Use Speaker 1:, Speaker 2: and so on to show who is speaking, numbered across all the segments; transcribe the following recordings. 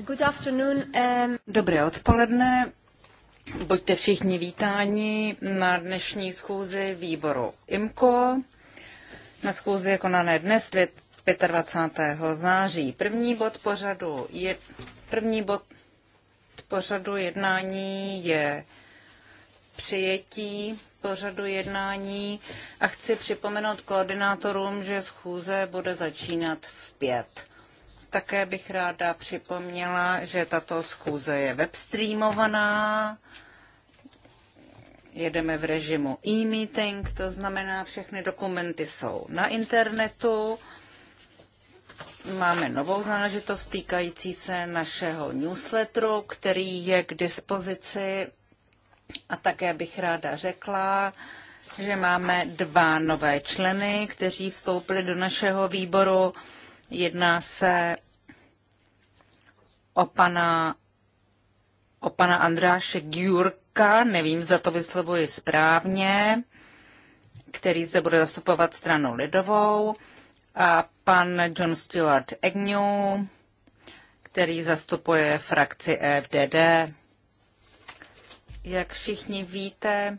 Speaker 1: Um, Dobré odpoledne. Buďte všichni vítáni na dnešní schůzi výboru IMCO. Na schůzi je konané dnes 25. září. První bod pořadu je, první bod pořadu jednání je přijetí pořadu jednání a chci připomenout koordinátorům, že schůze bude začínat v pět. Také bych ráda připomněla, že tato schůze je webstreamovaná. Jedeme v režimu e-meeting, to znamená, všechny dokumenty jsou na internetu. Máme novou záležitost týkající se našeho newsletteru, který je k dispozici. A také bych ráda řekla, že máme dva nové členy, kteří vstoupili do našeho výboru. Jedná se o pana, o pana Andráše Gjurka, nevím, zda to vyslovuji správně, který zde bude zastupovat stranu lidovou, a pan John Stuart Agnew, který zastupuje frakci EFDD. Jak všichni víte,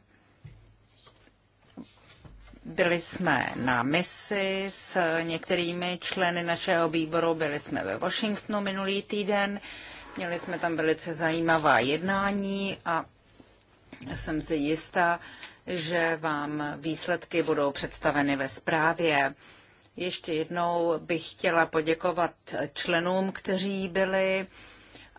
Speaker 1: byli jsme na misi s některými členy našeho výboru, byli jsme ve Washingtonu minulý týden, měli jsme tam velice zajímavá jednání a jsem si jistá, že vám výsledky budou představeny ve zprávě. Ještě jednou bych chtěla poděkovat členům, kteří byli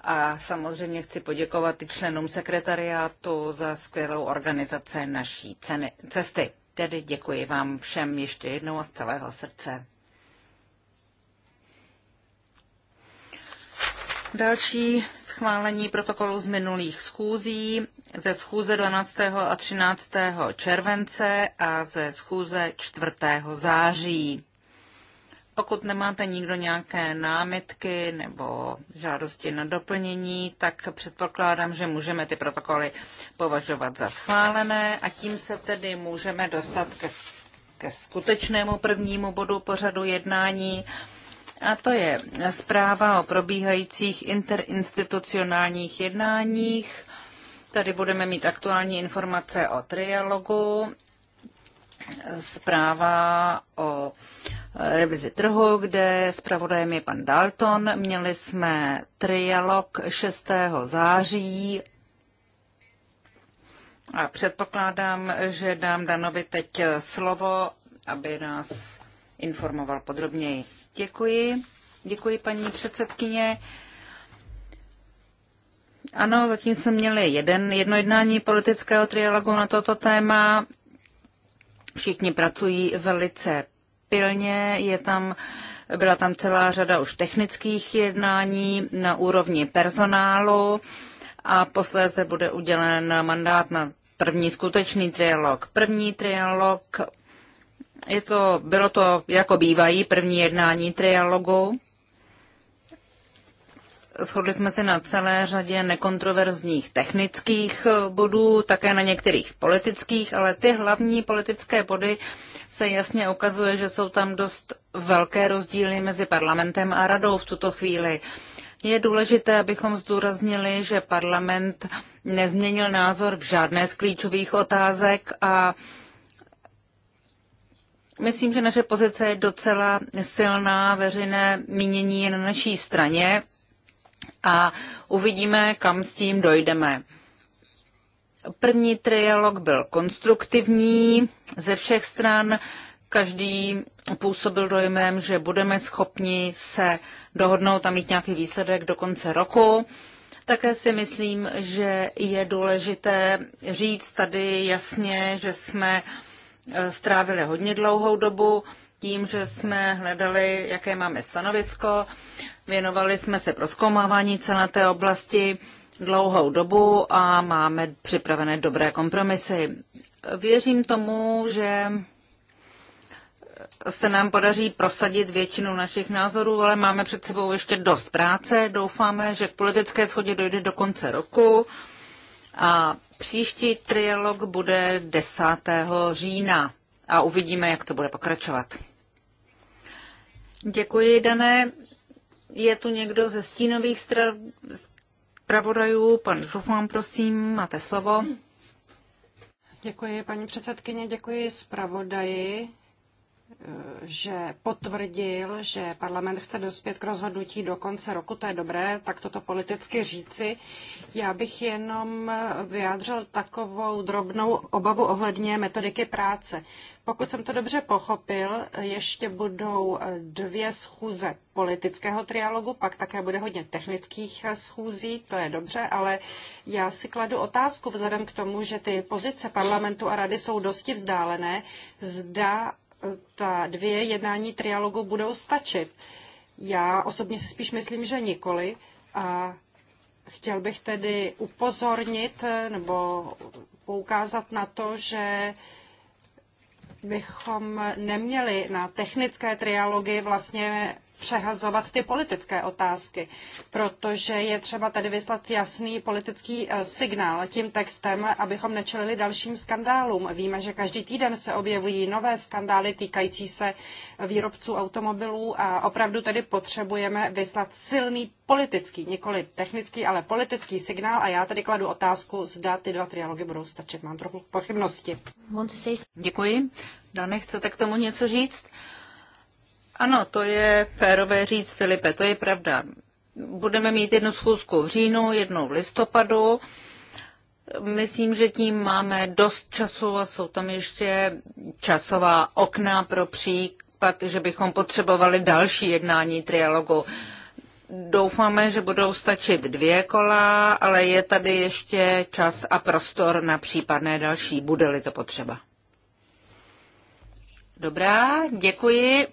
Speaker 1: a samozřejmě chci poděkovat i členům sekretariátu za skvělou organizaci naší ceny, cesty. Tedy děkuji vám všem ještě jednou z celého srdce. Další schválení protokolu z minulých schůzí, ze schůze 12. a 13. července a ze schůze 4. září. Pokud nemáte nikdo nějaké námitky nebo žádosti na doplnění, tak předpokládám, že můžeme ty protokoly považovat za schválené a tím se tedy můžeme dostat ke, ke skutečnému prvnímu bodu pořadu jednání. A to je zpráva o probíhajících interinstitucionálních jednáních. Tady budeme mít aktuální informace o trialogu zpráva o revizi trhu, kde zpravodajem je pan Dalton. Měli jsme trialog 6. září a předpokládám, že dám Danovi teď slovo, aby nás informoval podrobněji. Děkuji. Děkuji, paní předsedkyně. Ano, zatím jsme měli jeden, jedno jednání politického trialogu na toto téma. Všichni pracují velice pilně, je tam, byla tam celá řada už technických jednání na úrovni personálu a posléze bude udělen mandát na první skutečný trialog. První trialog, je to, bylo to jako bývají první jednání trialogu Shodli jsme se na celé řadě nekontroverzních technických eh, bodů, také na některých politických, ale ty hlavní politické body se jasně ukazuje, že jsou tam dost velké rozdíly mezi parlamentem a radou v tuto chvíli. Je důležité, abychom zdůraznili, že parlament nezměnil názor v žádné z klíčových otázek a myslím, že naše pozice je docela silná, veřejné mínění je na naší straně a uvidíme, kam s tím dojdeme. První trialog byl konstruktivní ze všech stran. Každý působil dojmem, že budeme schopni se dohodnout a mít nějaký výsledek do konce roku. Také si myslím, že je důležité říct tady jasně, že jsme eh, strávili hodně dlouhou dobu tím, že jsme hledali, jaké máme stanovisko, věnovali jsme se proskoumávání celé té oblasti dlouhou dobu a máme připravené dobré kompromisy. Věřím tomu, že se nám podaří prosadit většinu našich názorů, ale máme před sebou ještě dost práce. Doufáme, že k politické schodě dojde do konce roku a příští trialog bude 10. října a uvidíme, jak to bude pokračovat. Děkuji, Dané. Je tu někdo ze stínových stra... Pan Žufán, prosím, máte slovo.
Speaker 2: Děkuji, paní předsedkyně, děkuji zpravodaji že potvrdil, že parlament chce dospět k rozhodnutí do konce roku, to je dobré, tak toto politicky říci. Já bych jenom vyjádřil takovou drobnou obavu ohledně metodiky práce. Pokud jsem to dobře pochopil, ještě budou dvě schůze politického trialogu, pak také bude hodně technických schůzí, to je dobře, ale já si kladu otázku vzhledem k tomu, že ty pozice parlamentu a rady jsou dosti vzdálené, zda ta dvě jednání trialogu budou stačit. Já osobně si spíš myslím, že nikoli. A chtěl bych tedy upozornit eh, nebo poukázat na to, že bychom neměli na technické trialogy vlastně přehazovat ty politické otázky, protože je třeba tady vyslat jasný politický eh, signál tím textem, abychom nečelili dalším skandálům. Víme, že každý týden se objevují nové skandály týkající se výrobců automobilů a opravdu tedy potřebujeme vyslat silný politický, nikoli technický, ale politický signál a já tady kladu otázku, zda ty
Speaker 1: dva trialogy budou stačit. Mám trochu pochybnosti. Děkuji. Dane, chcete k tomu něco říct? Ano, to je férové říct, Filipe, to je pravda. Budeme mít jednu schůzku v říjnu, jednu v listopadu. Myslím, že tím máme dost času a jsou tam ještě časová okna pro případ, že bychom potřebovali další jednání trialogu. Doufáme, že budou stačit dvě kola, ale je tady ještě čas a prostor na případné další, bude-li to potřeba. Dobrá, děkuji.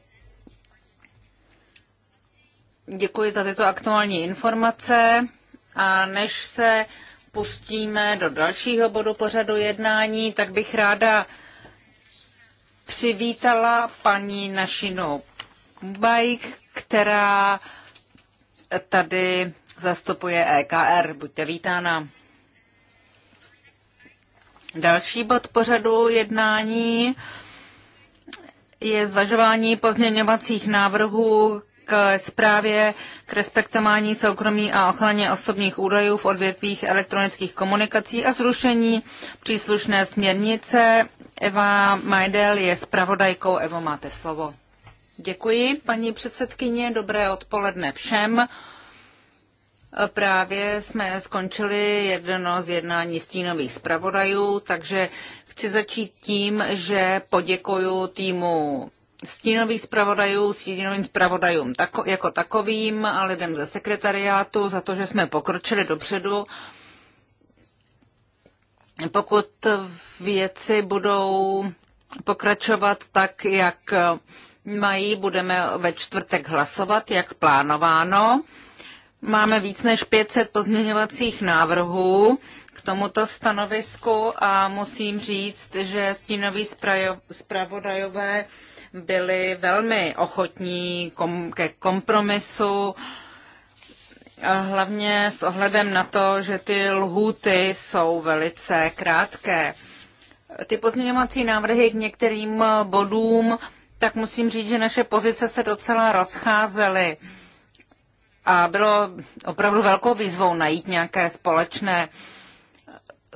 Speaker 1: Děkuji za tyto aktuální informace a než se pustíme do dalšího bodu pořadu jednání, tak bych ráda přivítala paní Našinu Bajk, která tady zastupuje EKR. Buďte vítána. Další bod pořadu jednání je zvažování pozměňovacích návrhů k zprávě k respektování soukromí a ochraně osobních údajů v odvětvích elektronických komunikací a zrušení příslušné směrnice. Eva Majdel je zpravodajkou. Evo, máte slovo. Děkuji, paní předsedkyně. Dobré odpoledne všem. Právě jsme skončili jedno z jednání stínových zpravodajů, takže chci začít tím, že poděkuju týmu stínových zpravodajů, stínovým zpravodajům tako, jako takovým a lidem ze sekretariátu za to, že jsme pokročili dopředu. Pokud věci budou pokračovat tak, jak mají, budeme ve čtvrtek hlasovat, jak plánováno. Máme víc než 500 pozměňovacích návrhů k tomuto stanovisku a musím říct, že stínoví zpravodajové byli velmi ochotní kom, ke kompromisu, hlavně s ohledem na to, že ty lhůty jsou velice krátké. Ty pozměňovací návrhy k některým bodům, tak musím říct, že naše pozice se docela rozcházely a bylo opravdu velkou výzvou najít nějaké společné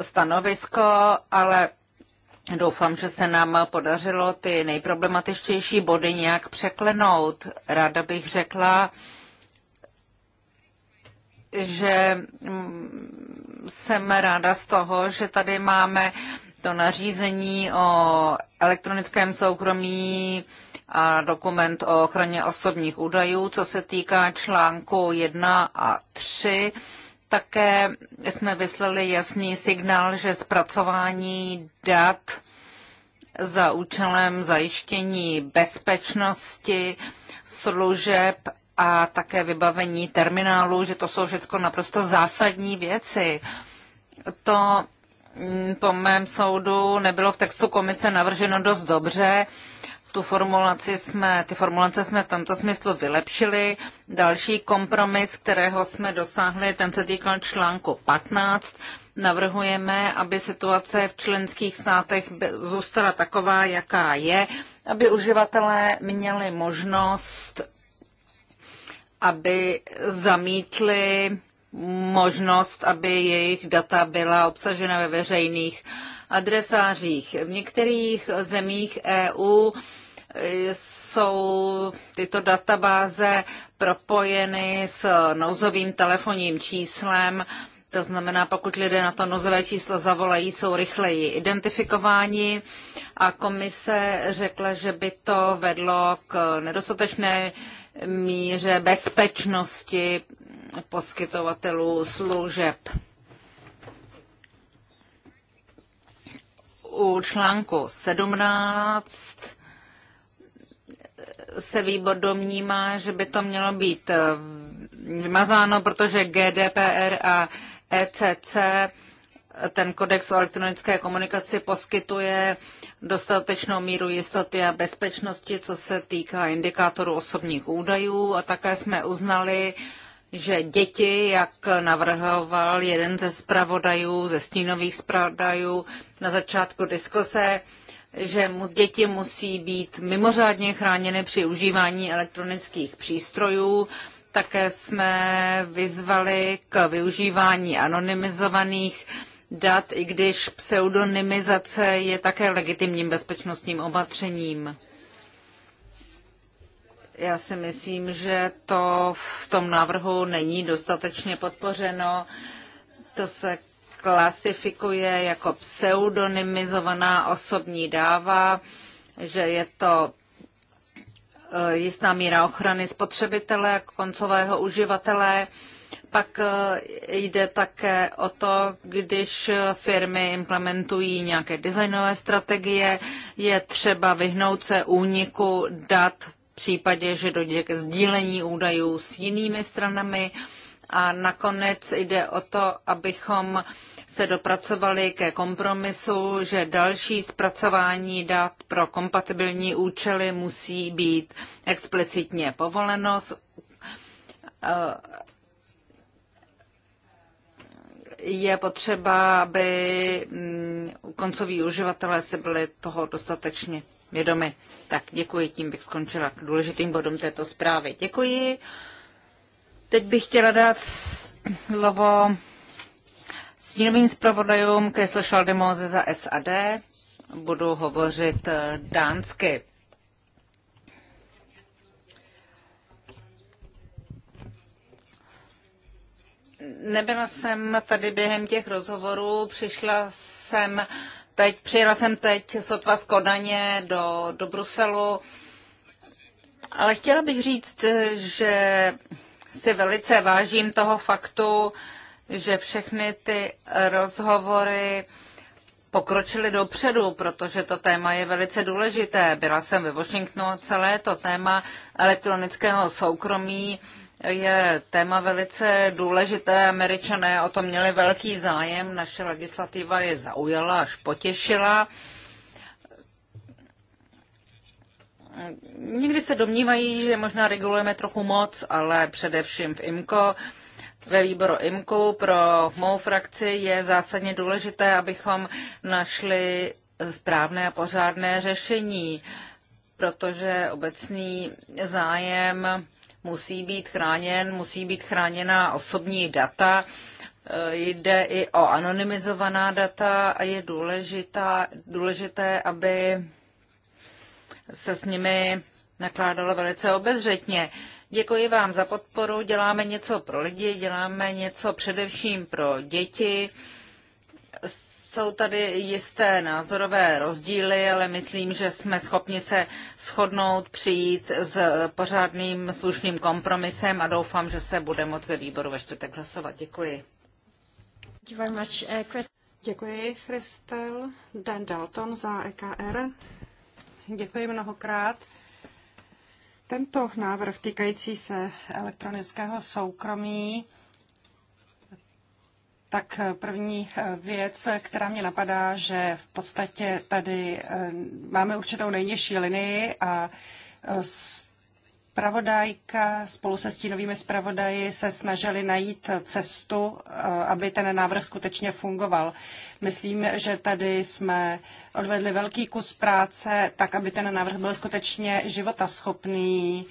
Speaker 1: stanovisko, ale Doufám, že se nám podařilo ty nejproblematičtější body nějak překlenout. Ráda bych řekla, že mm, jsem ráda z toho, že tady máme to nařízení o elektronickém soukromí a dokument o ochraně osobních údajů, co se týká článku 1 a 3 také jsme vyslali jasný signál, že zpracování dat za účelem zajištění bezpečnosti služeb a také vybavení terminálu, že to jsou všechno naprosto zásadní věci. To mm, po mém soudu nebylo v textu komise navrženo dost dobře tu formulaci jsme, ty formulace jsme v tomto smyslu vylepšili. Další kompromis, kterého jsme dosáhli, ten se týkal článku 15. Navrhujeme, aby situace v členských státech zůstala taková, jaká je, aby uživatelé měli možnost, aby zamítli možnost, aby jejich data byla obsažena ve veřejných adresářích. V některých zemích EU jsou tyto databáze propojeny s nouzovým telefonním číslem. To znamená, pokud lidé na to nozové číslo zavolají, jsou rychleji identifikováni a komise řekla, že by to vedlo k nedostatečné míře bezpečnosti poskytovatelů služeb. U článku 17 se výbor domnívá, že by to mělo být eh, vymazáno, protože GDPR a ECC, eh, ten kodex o elektronické komunikaci, poskytuje dostatečnou míru jistoty a bezpečnosti, co se týká indikátorů osobních údajů. A také jsme uznali, že děti, jak navrhoval jeden ze zpravodajů, ze stínových zpravodajů na začátku diskuse, že děti musí být mimořádně chráněny při užívání elektronických přístrojů. Také jsme vyzvali k využívání anonymizovaných dat, i když pseudonymizace je také legitimním bezpečnostním opatřením. Já si myslím, že to v tom návrhu není dostatečně podpořeno. To se klasifikuje jako pseudonymizovaná osobní dáva, že je to eh, jistá míra ochrany spotřebitele, koncového uživatele. Pak eh, jde také o to, když firmy implementují nějaké designové strategie, je třeba vyhnout se úniku dat v případě, že dojde ke sdílení údajů s jinými stranami. A nakonec jde o to, abychom uh, se dopracovali ke kompromisu, že další zpracování dat pro kompatibilní účely musí být explicitně povoleno. Eh, je potřeba, aby mm, koncoví uživatelé si byli toho dostatečně vědomi. Tak děkuji, tím bych skončila k důležitým bodům této zprávy. Děkuji. Teď bych chtěla dát slovo stínovým zpravodajům Kresl Šaldemoze za SAD. Budu hovořit eh, dánsky. Nebyla jsem tady během těch rozhovorů, přišla jsem teď, přijela jsem teď sotva z Kodaně do, do Bruselu, ale chtěla bych říct, eh, že si velice vážím toho faktu, že všechny ty rozhovory pokročily dopředu, protože to téma je velice důležité. Byla jsem ve Washingtonu celé to téma elektronického soukromí je téma velice důležité. Američané o to měli velký zájem, naše legislativa je zaujala až potěšila. Někdy se domnívají, že možná regulujeme trochu moc, ale především v IMCO ve výboru IMKU pro mou frakci je zásadně důležité, abychom našli správné a pořádné řešení, protože obecný zájem musí být chráněn, musí být chráněna osobní data, eh, jde i o anonymizovaná data a je důležitá, důležité, aby se s nimi nakládalo velice obezřetně. Děkuji vám za podporu. Děláme něco pro lidi, děláme něco především pro děti. Jsou tady jisté názorové rozdíly, ale myslím, že jsme schopni se shodnout, přijít s pořádným slušným kompromisem a doufám, že se bude moc ve výboru ve čtvrtek hlasovat. Děkuji.
Speaker 2: Eh, Děkuji, Christel. Dan Dalton za EKR. Děkuji mnohokrát. Tento návrh týkající se elektronického soukromí, tak první věc, která mě napadá, že v podstatě tady eh, máme určitou nejnižší linii a eh, Spravodajka spolu se stínovými zpravodaji se snažili najít cestu, eh, aby ten návrh skutečně fungoval. Myslím, že tady jsme odvedli velký kus práce, tak aby ten návrh byl skutečně životaschopný.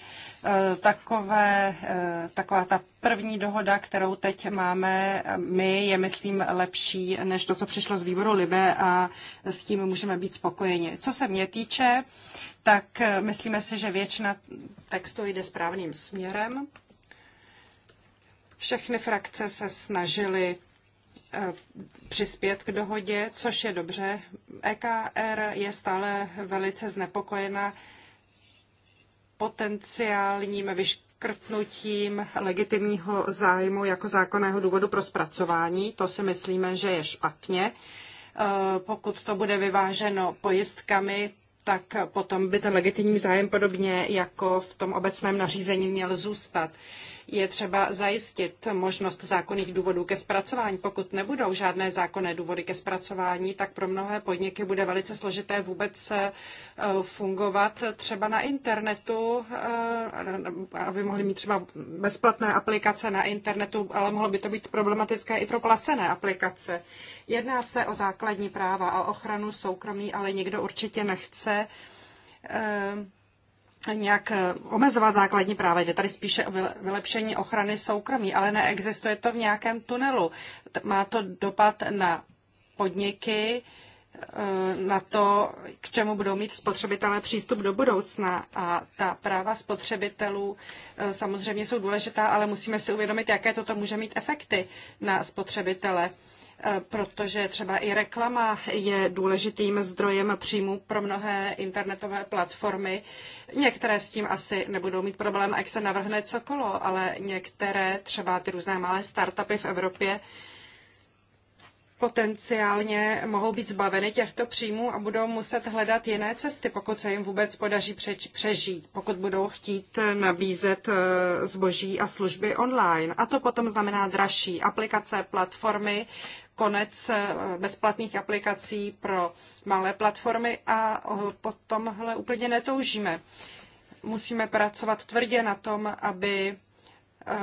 Speaker 2: Eh, takové, eh, taková ta první dohoda, kterou teď máme my, je, myslím, lepší než to, co přišlo z výboru Libe a s tím můžeme být spokojeni. Co se mě týče, tak eh, myslíme si, že většina textu jde správným směrem. Všechny frakce se snažily přispět k dohodě, což je dobře. EKR je stále velice znepokojena potenciálním vyškrtnutím legitimního zájmu jako zákonného důvodu pro zpracování. To si myslíme, že je špatně. E, pokud to bude vyváženo pojistkami, tak potom by ten legitimní zájem podobně jako v tom obecném nařízení měl zůstat je třeba zajistit možnost zákonných důvodů ke zpracování. Pokud nebudou žádné zákonné důvody ke zpracování, tak pro mnohé podniky bude velice složité vůbec eh, fungovat třeba na internetu, eh, aby mohli mít třeba bezplatné aplikace na internetu, ale mohlo by to být problematické i pro placené aplikace. Jedná se o základní práva a ochranu soukromí, ale nikdo určitě nechce eh, nějak eh, omezovat základní práva. Jde tady spíše o vylepšení ochrany soukromí, ale neexistuje to v nějakém tunelu. Má to dopad na podniky, eh, na to, k čemu budou mít spotřebitelé přístup do budoucna. A ta práva spotřebitelů eh, samozřejmě jsou důležitá, ale musíme si uvědomit, jaké toto může mít efekty na spotřebitele protože třeba i reklama je důležitým zdrojem příjmu pro mnohé internetové platformy. Některé s tím asi nebudou mít problém, jak se navrhne cokolo, ale některé, třeba ty různé malé startupy v Evropě, potenciálně mohou být zbaveny těchto příjmů a budou muset hledat jiné cesty, pokud se jim vůbec podaří přežít, pokud budou chtít eh, nabízet eh, zboží a služby online. A to potom znamená dražší aplikace, platformy, konec eh, bezplatných aplikací pro malé platformy a po tomhle úplně netoužíme. Musíme pracovat tvrdě na tom, aby eh,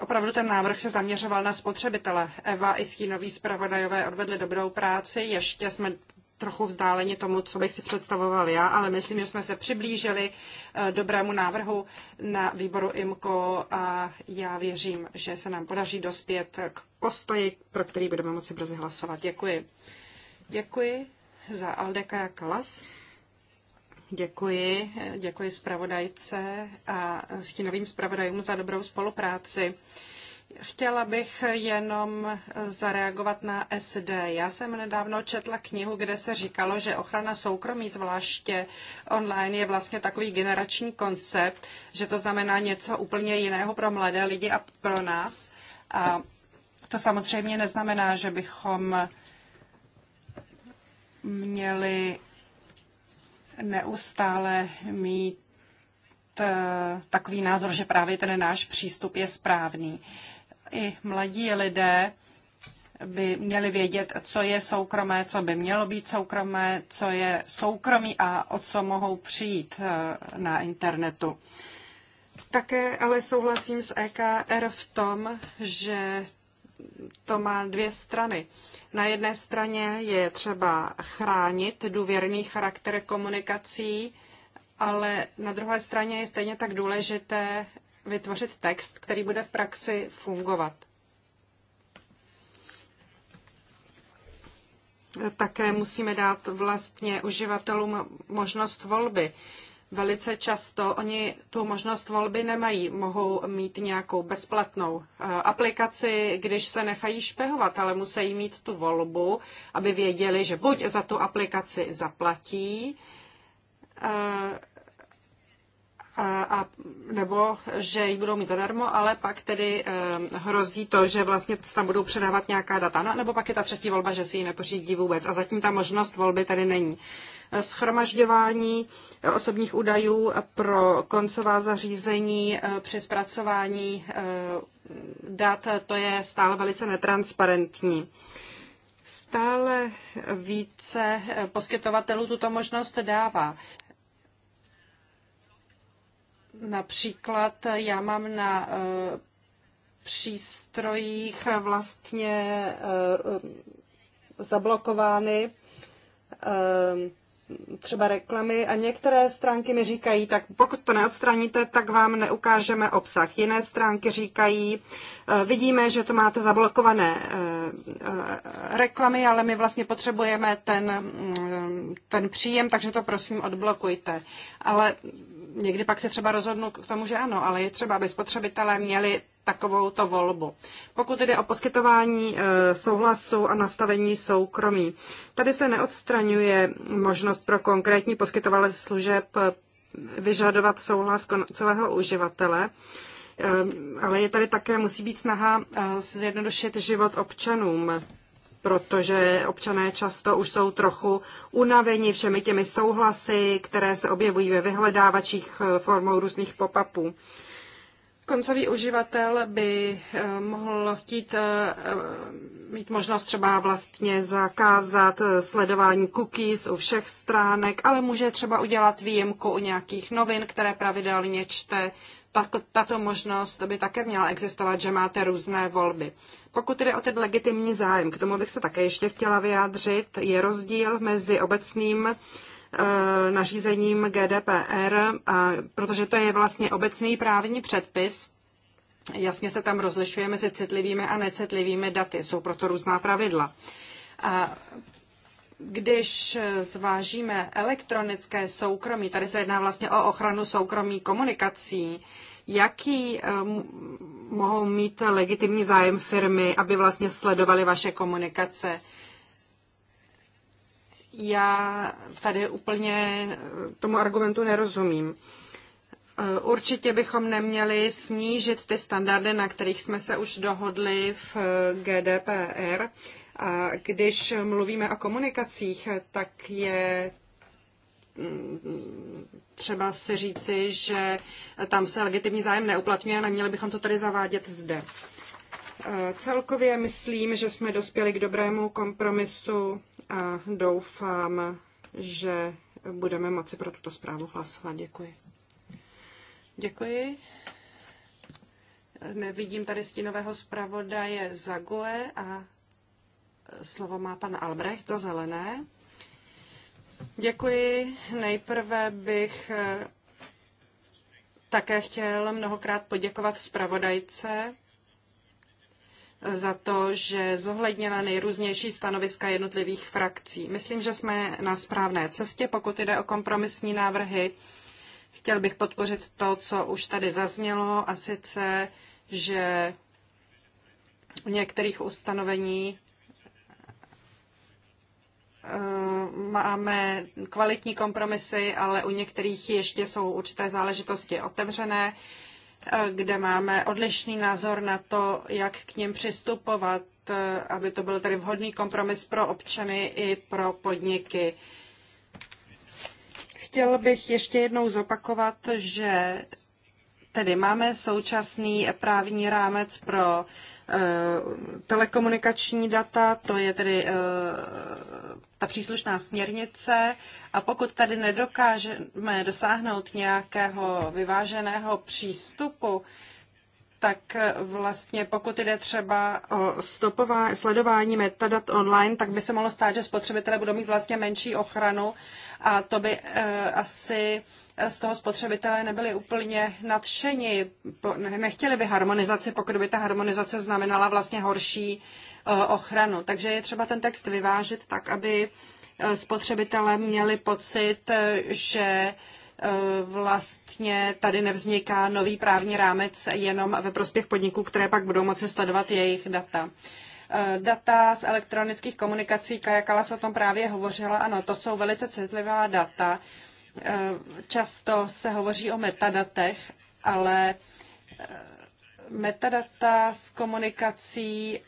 Speaker 2: opravdu ten návrh se zaměřoval na spotřebitele. Eva i stínový zpravodajové odvedli dobrou práci, ještě jsme trochu vzdáleni tomu, co bych si představoval já, ale myslím, že jsme se přiblížili eh, dobrému návrhu na výboru IMCO a já věřím, že se nám podaří dospět k postoji, pro který budeme moci brzy hlasovat. Děkuji. Děkuji za Aldeka Kalas. Děkuji, eh, děkuji zpravodajce a stínovým zpravodajům za dobrou spolupráci. Chtěla bych jenom zareagovat na SD. Já jsem nedávno četla knihu, kde se říkalo, že ochrana soukromí, zvláště online, je vlastně takový generační koncept, že to znamená něco úplně jiného pro mladé lidi a pro nás. A to samozřejmě neznamená, že bychom měli neustále mít eh, takový názor, že právě ten náš přístup je správný i mladí lidé by měli vědět, co je soukromé, co by mělo být soukromé, co je soukromí a o co mohou přijít eh, na internetu. Také ale souhlasím s EKR v tom, že to má dvě strany. Na jedné straně je třeba chránit důvěrný charakter komunikací, ale na druhé straně je stejně tak důležité vytvořit text, který bude v praxi fungovat. Také musíme dát vlastně uživatelům možnost volby. Velice často oni tu možnost volby nemají, mohou mít nějakou bezplatnou eh, aplikaci, když se nechají špehovat, ale musí mít tu volbu, aby věděli, že buď za tu aplikaci zaplatí, eh, a, nebo že ji budou mít zadarmo, ale pak tedy e, hrozí to, že vlastně tam budou předávat nějaká data. No, nebo pak je ta třetí volba, že si ji nepořídí vůbec. A zatím ta možnost volby tady není. Eh, Schromažďování eh, osobních údajů pro koncová zařízení při zpracování dat, to je stále velice netransparentní. Stále více poskytovatelů tuto možnost dává. Například já mám na e, přístrojích vlastně e, zablokovány e, třeba reklamy a některé stránky mi říkají, tak pokud to neodstraníte, tak vám neukážeme obsah. Jiné stránky říkají, vidíme, že to máte zablokované reklamy, ale my vlastně potřebujeme ten, mm, ten příjem, takže to prosím odblokujte. Ale někdy pak se třeba rozhodnu k tomu, že ano, ale je třeba, aby spotřebitelé měli to volbu. Pokud jde o poskytování e, souhlasu a nastavení soukromí, tady se neodstraňuje možnost pro konkrétní poskytovatele služeb e, vyžadovat souhlas celého uživatele, e, ale je tady také musí být snaha zjednodušit život občanům protože občané často už jsou trochu unaveni všemi těmi souhlasy, které se objevují ve vyhledávačích eh, formou různých pop-upů. Koncový uživatel by eh, mohl chtít eh, mít možnost třeba vlastně zakázat sledování cookies u všech stránek, ale může třeba udělat výjimku u nějakých novin, které pravidelně čte, tato možnost by také měla existovat, že máte různé volby. Pokud jde o ten legitimní zájem, k tomu bych se také ještě chtěla vyjádřit, je rozdíl mezi obecným eh, nařízením GDPR, a, protože to je vlastně obecný právní předpis. Jasně se tam rozlišuje mezi citlivými a necitlivými daty, jsou proto různá pravidla. A když zvážíme elektronické soukromí, tady se jedná vlastně o ochranu soukromí komunikací, jaký eh, mohou mít legitimní zájem firmy, aby vlastně sledovali vaše komunikace? Já tady úplně eh, tomu argumentu nerozumím. Eh, určitě bychom neměli snížit ty standardy, na kterých jsme se už dohodli v GDPR. A když mluvíme o komunikacích, tak je mm, třeba se říci, že tam se legitimní zájem neuplatňuje a neměli bychom to tady zavádět zde. E, celkově myslím, že jsme dospěli k dobrému kompromisu a doufám, že budeme moci pro tuto zprávu hlasovat. Děkuji. Děkuji. Nevidím tady stínového zpravodaje Zagoe a Slovo má pan Albrecht za zelené. Děkuji. Nejprve bych eh, také chtěl mnohokrát poděkovat zpravodajce za to, že zohlednila nejrůznější stanoviska jednotlivých frakcí. Myslím, že jsme na správné cestě, pokud jde o kompromisní návrhy. Chtěl bych podpořit to, co už tady zaznělo, a sice, že v některých ustanovení Eh, máme kvalitní kompromisy, ale u některých ještě jsou určité záležitosti otevřené, eh, kde máme odlišný názor na to, jak k ním přistupovat, eh, aby to byl tedy vhodný kompromis pro občany i pro podniky. Chtěl bych ještě jednou zopakovat, že tedy máme současný právní rámec pro telekomunikační data, to je tedy ta příslušná směrnice a pokud tady nedokážeme dosáhnout nějakého vyváženého přístupu, tak eh, vlastně pokud jde třeba o stopová, sledování metadat online, tak by se mohlo stát, že spotřebitelé budou mít vlastně menší ochranu a to by uh, asi eh, z toho spotřebitelé nebyli úplně nadšeni. Po, nechtěli by harmonizaci, pokud by ta harmonizace znamenala vlastně horší uh, ochranu. Takže je třeba ten text vyvážit tak, aby spotřebitelé měli pocit, že uh, Eh, vlastně tady nevzniká nový právní rámec jenom ve prospěch podniků, které pak budou moci sledovat jejich data. Eh, data z elektronických komunikací, Kajakala se o tom právě hovořila, ano, to jsou velice citlivá data. Eh, často se hovoří o metadatech, ale metadata z komunikací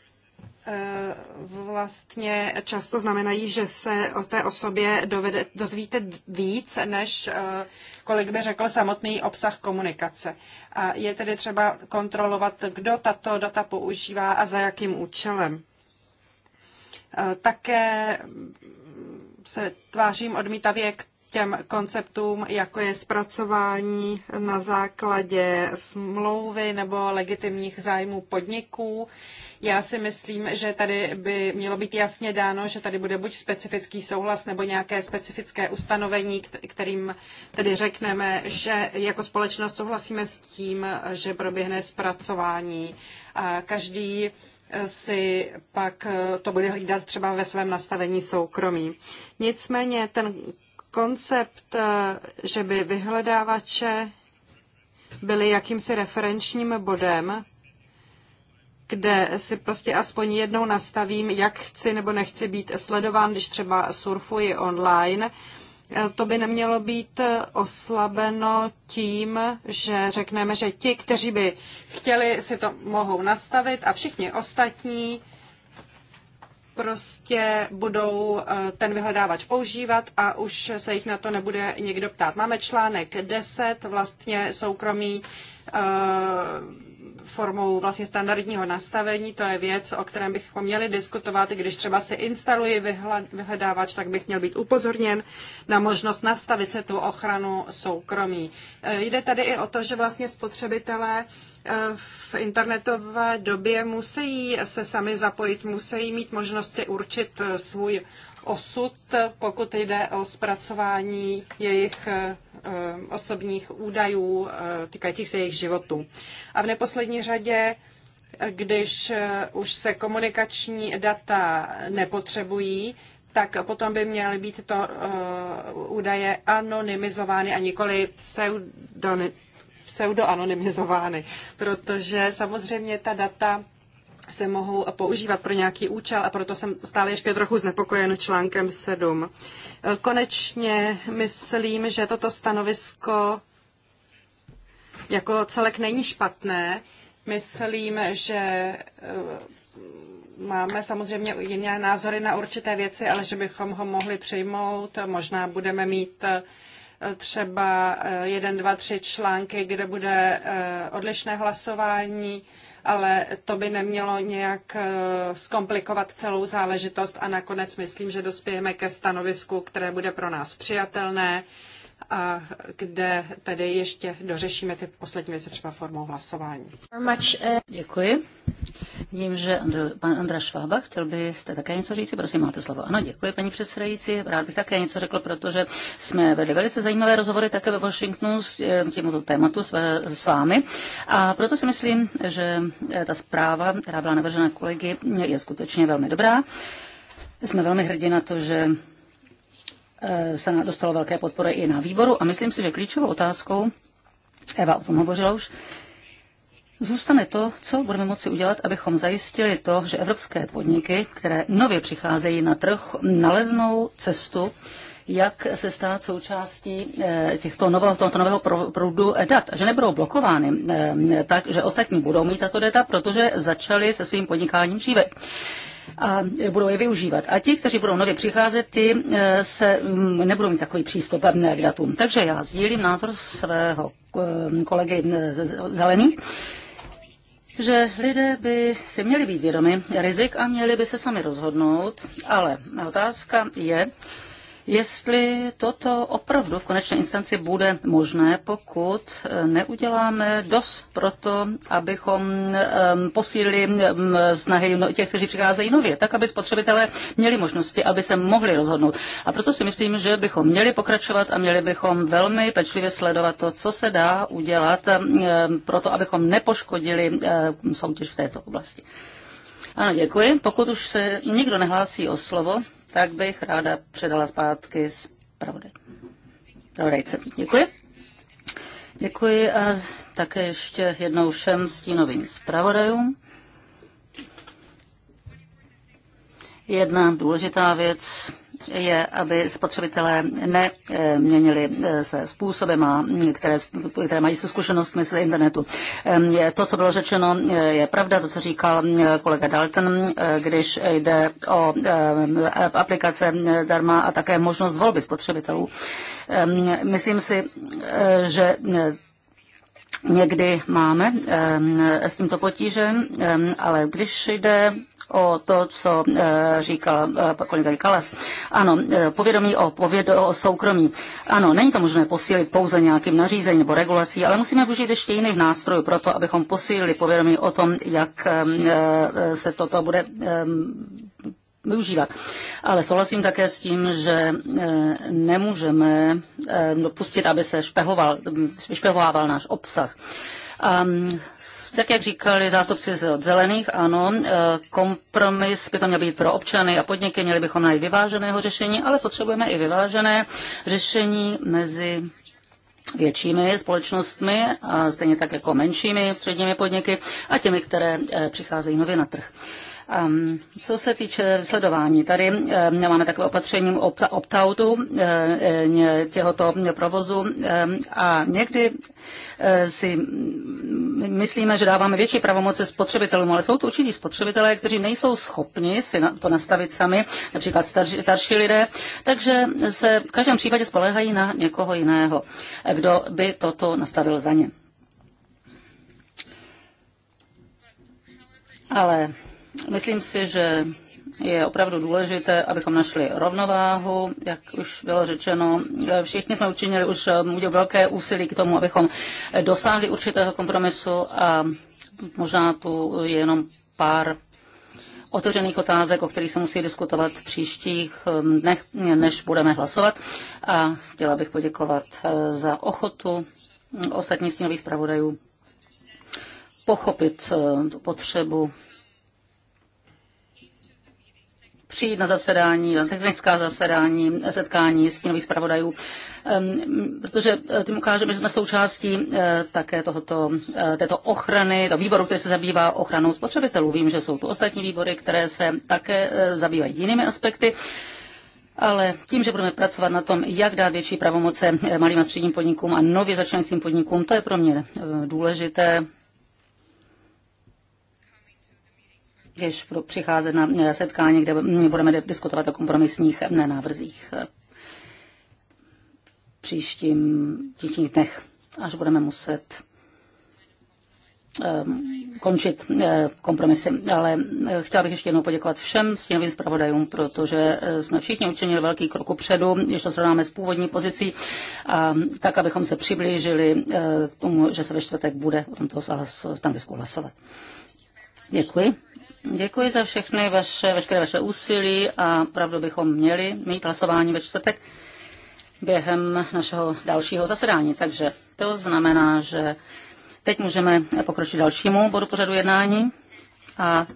Speaker 2: vlastně často znamenají, že se o té osobě dovede, dozvíte víc, než eh, kolik by řekl samotný obsah komunikace. A je tedy třeba kontrolovat, kdo tato data používá a za jakým účelem. Eh, také se tvářím odmítavě k těm konceptům, jako je zpracování na základě smlouvy nebo legitimních zájmů podniků. Já si myslím, že tady by mělo být jasně dáno, že tady bude buď specifický souhlas nebo nějaké specifické ustanovení, kterým tedy řekneme, že jako společnost souhlasíme s tím, že proběhne zpracování. A každý si pak to bude hlídat třeba ve svém nastavení soukromí. Nicméně ten koncept, eh, že by vyhledávače byly jakýmsi referenčním bodem, kde si prostě aspoň jednou nastavím, jak chci nebo nechci být sledován, když třeba surfuji online. Eh, to by nemělo být eh, oslabeno tím, že řekneme, že ti, kteří by chtěli, si to mohou nastavit a všichni ostatní prostě budou eh, ten vyhledávač používat a už se jich na to nebude někdo ptát. Máme článek 10, vlastně soukromí eh, formou vlastně standardního nastavení. To je věc, o kterém bychom měli diskutovat. když třeba si instaluji vyhledávač, tak bych měl být upozorněn na možnost nastavit se tu ochranu soukromí. E, jde tady i o to, že vlastně spotřebitelé e, v internetové době musí se sami zapojit, musí mít možnost si určit e, svůj osud, pokud jde o zpracování jejich eh, osobních údajů eh, týkajících se jejich životů. A v neposlední řadě, když eh, už se komunikační data nepotřebují, tak potom by měly být to údaje anonymizovány a nikoli pseudonymizovány pseudoanonymizovány, protože samozřejmě ta data se mohou používat pro nějaký účel a proto jsem stále ještě trochu znepokojen článkem 7. E, konečně myslím, že toto stanovisko jako celek není špatné. Myslím, že e, máme samozřejmě jiné názory na určité věci, ale že bychom ho mohli přijmout. Možná budeme mít e, třeba jeden, dva, tři články, kde bude odlišné hlasování ale to by nemělo nějak eh, zkomplikovat celou záležitost a nakonec myslím, že dospějeme ke stanovisku, které bude pro nás přijatelné a kde tedy
Speaker 3: ještě dořešíme
Speaker 2: ty poslední věci třeba formou hlasování.
Speaker 3: Eh, děkuji. Vidím, že Andr, pan Andra Švába, chtěl byste také něco říct? Prosím, máte slovo. Ano, děkuji, paní předsedající. Rád bych také něco řekl, protože jsme vedli velice zajímavé rozhovory také ve Washingtonu s eh, tímto tématu s, s vámi. A proto si myslím, že eh, ta zpráva, která byla navržena kolegy, je skutečně velmi dobrá. Jsme velmi hrdí na to, že Eh, se dostalo velké podpory i na výboru a myslím si, že klíčovou otázkou, Eva o tom hovořila už, Zůstane to, co budeme moci udělat, abychom zajistili to, že evropské podniky, které nově přicházejí na trh, naleznou cestu, jak se stát součástí eh, těchto nového, tohoto nového proudu dat, že nebudou blokovány, eh, tak, že ostatní budou mít tato data, protože začali se svým podnikáním dříve a budou je využívat. A ti, kteří budou nově přicházet, ti eh, se mm, nebudou mít takový přístup eh, k datům. Takže já sdílím názor svého eh, kolegy Zelených, že lidé by si měli být vědomi rizik a měli by se sami rozhodnout, ale otázka je, jestli toto opravdu v konečné instanci bude možné, pokud eh, neuděláme dost pro to, abychom ehm, posílili ehm, snahy no, těch, kteří přicházejí nově, tak aby spotřebitelé měli možnosti, aby se mohli rozhodnout. A proto si myslím, že bychom měli pokračovat a měli bychom velmi pečlivě sledovat to, co se dá udělat ehm, pro to, abychom nepoškodili soutěž v této oblasti. Ano, děkuji. Pokud už se nikdo nehlásí o slovo, tak bych ráda předala zpátky zpravodaj. Pravodajce. Děkuji. Děkuji a také ještě jednou všem stínovým zpravodajům. Jedna důležitá věc je, aby spotřebitelé neměnili eh, své způsoby, má, které, které mají se zkušenostmi z internetu. To, co bylo řečeno, eh, je pravda, to, co říkal mm, kolega Dalton, eh, když jde o aplikace darma a také možnost volby spotřebitelů. Myslím si, že někdy máme s tímto potíže, ale když jde o to, co eh, říkal eh, kolega Kalas. Ano, eh, povědomí o, povědomí o soukromí. Ano, není to možné posílit pouze nějakým nařízením nebo regulací, ale musíme využít ještě jiných nástrojů pro to, abychom posílili povědomí o tom, jak se toto bude využívat. Ale souhlasím také s tím, že nemůžeme dopustit, aby se špehoval, špehovával náš obsah. A ehm, tak, jak říkali zástupci od zelených, ano, eh, kompromis by to měl být pro občany a podniky, měli bychom najít vyváženého řešení, ale potřebujeme i vyvážené řešení mezi většími společnostmi, a stejně tak jako menšími středními podniky a těmi, které eh, přicházejí nově na trh. Um, co se týče sledování, tady ehm, máme takové opatření opt-outu ehm, e, těhoto provozu a někdy e, si myslíme, že dáváme větší pravomoce spotřebitelům, ale jsou to určitý spotřebitelé, kteří nejsou schopni si to nastavit sami, například starší, starší lidé, takže se v každém případě spolehají na někoho jiného, e, kdo by toto nastavil za ně. Ale Myslím si, že je opravdu důležité, abychom našli rovnováhu, jak už bylo řečeno. Všichni jsme učinili už um, velké úsilí k tomu, abychom dosáhli určitého kompromisu a možná tu je jenom pár otevřených otázek, o kterých se musí diskutovat v příštích um, dnech, než budeme hlasovat. A chtěla bych poděkovat uh, za ochotu um, ostatních stínových zpravodajů pochopit uh, potřebu přijít na zasedání, na technická zasedání, setkání s tím zpravodajů, protože eh, tím ukážeme, že jsme součástí eh, také tohoto, eh, této ochrany, to výboru, který se zabývá ochranou spotřebitelů. Vím, že jsou tu ostatní výbory, které se také zabývají jinými aspekty. Ale tím, že budeme pracovat na tom, jak dát větší pravomoce malým a středním podnikům a nově začínajícím podnikům, to je pro mě důležité když budu přicházet na eh, setkání, kde budeme diskutovat o kompromisních eh, návrzích eh, příštím těch dnech, až budeme muset ehm, končit kompromisy. Ale chtěla bych ještě jednou poděkovat všem stínovým zpravodajům, protože jsme všichni učinili velký krok upředu, když to srovnáme s původní pozicí, a tak, abychom se přiblížili k tomu, že se ve čtvrtek bude o tomto stanovisku hlasovat. Děkuji. Děkuji za všechny vaše, veškeré vaše úsilí a pravdu bychom měli mít hlasování ve čtvrtek během našeho dalšího zasedání. Takže to znamená, že teď můžeme pokročit dalšímu bodu pořadu jednání a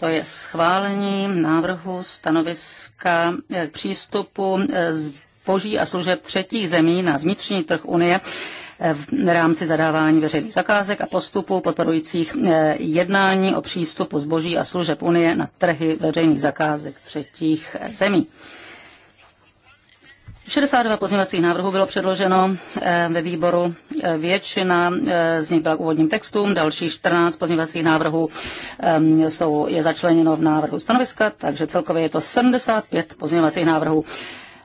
Speaker 3: to je schválení návrhu stanoviska k přístupu zboží a služeb třetích zemí na vnitřní trh Unie v rámci zadávání veřejných zakázek a postupu podporujících eh, jednání o přístupu zboží a služeb Unie na trhy veřejných zakázek třetích eh, zemí. 62 pozměňovacích návrhů bylo předloženo eh, ve výboru. Většina z nich byla k úvodním textům, dalších 14 pozměňovacích návrhů ehm, jsou, je začleněno v návrhu stanoviska, takže celkově je to 75 pozměňovacích návrhů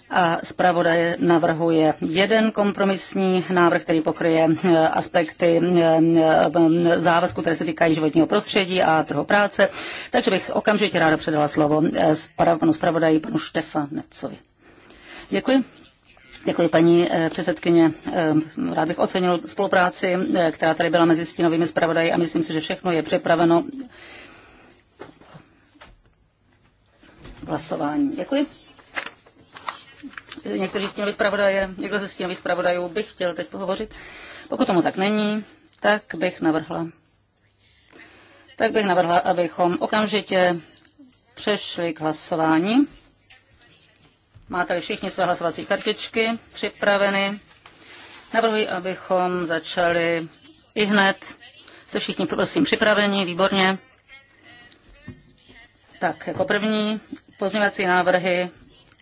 Speaker 3: a zpravodaje navrhuje jeden kompromisní návrh, který pokryje eh, aspekty eh, eh, závazku, které se týkají životního prostředí a trhu práce. Takže bych okamžitě ráda předala slovo panu zpravodaji, panu Štefanecovi. Děkuji. Děkuji, paní předsedkyně. Rád bych ocenil spolupráci, která tady byla mezi stínovými zpravodaji a myslím si, že všechno je připraveno hlasování. Děkuji. Někteří stínoví zpravodaje, někdo ze stínových zpravodajů bych chtěl teď pohovořit. Pokud tomu tak není, tak bych navrhla. Tak bych navrhla, abychom okamžitě přešli k hlasování. Máte-li všichni své hlasovací kartičky připraveny? Navrhuji, abychom začali i hned. Jste všichni, prosím, připraveni, výborně. Tak, jako první pozměňovací návrhy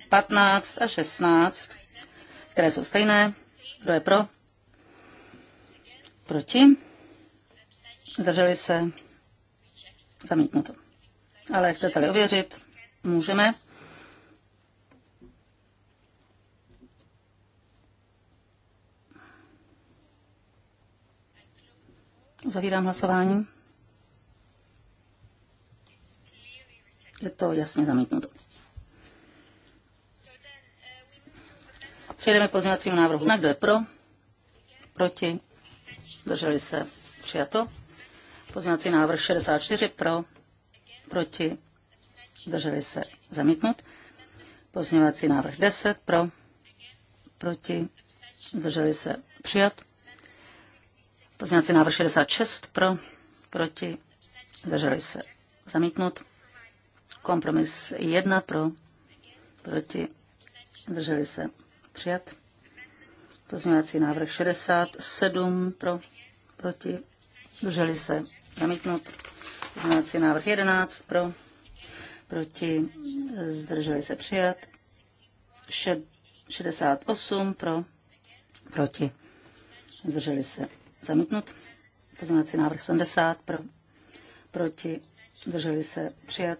Speaker 3: 15 a 16, které jsou stejné. Kdo je pro? Proti? Zdrželi se? Zamítnuto. Ale chcete-li ověřit, můžeme. Uzavírám hlasování. Je to jasně zamítnuto. Přejdeme k pozměňovacímu návrhu. Na kdo je pro? Proti? Drželi se? Přijato. Pozměňovací návrh 64 pro? Proti? Drželi se? Zamítnut. Pozměňovací návrh 10 pro? Proti? Drželi se? Přijat. Pozměňovací návrh 66 pro? Proti? Drželi se? Zamítnut. Kompromis 1 pro? Proti? Drželi se? přijat. Pozměňovací návrh 67 pro, proti, drželi se, zamítnut. Pozměňovací návrh 11 pro, proti, zdrželi se přijat. Še, 68 pro, proti, zdrželi se zamítnut. Pozměňovací návrh 70 pro, proti, zdrželi se přijat.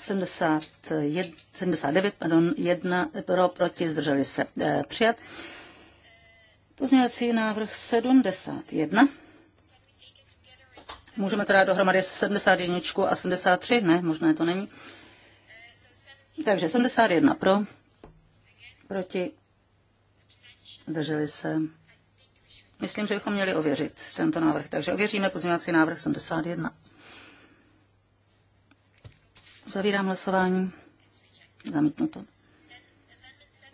Speaker 3: 79, pardon, 1 pro, proti, zdrželi se eh, přijat. Pozměňovací návrh 71. Můžeme teda dohromady 71 a 73, ne, možná to není. Takže 71 pro, proti, zdrželi se. Myslím, že bychom měli ověřit tento návrh. Takže ověříme pozměňovací návrh 71. Zavírám hlasování. Zamítnuto.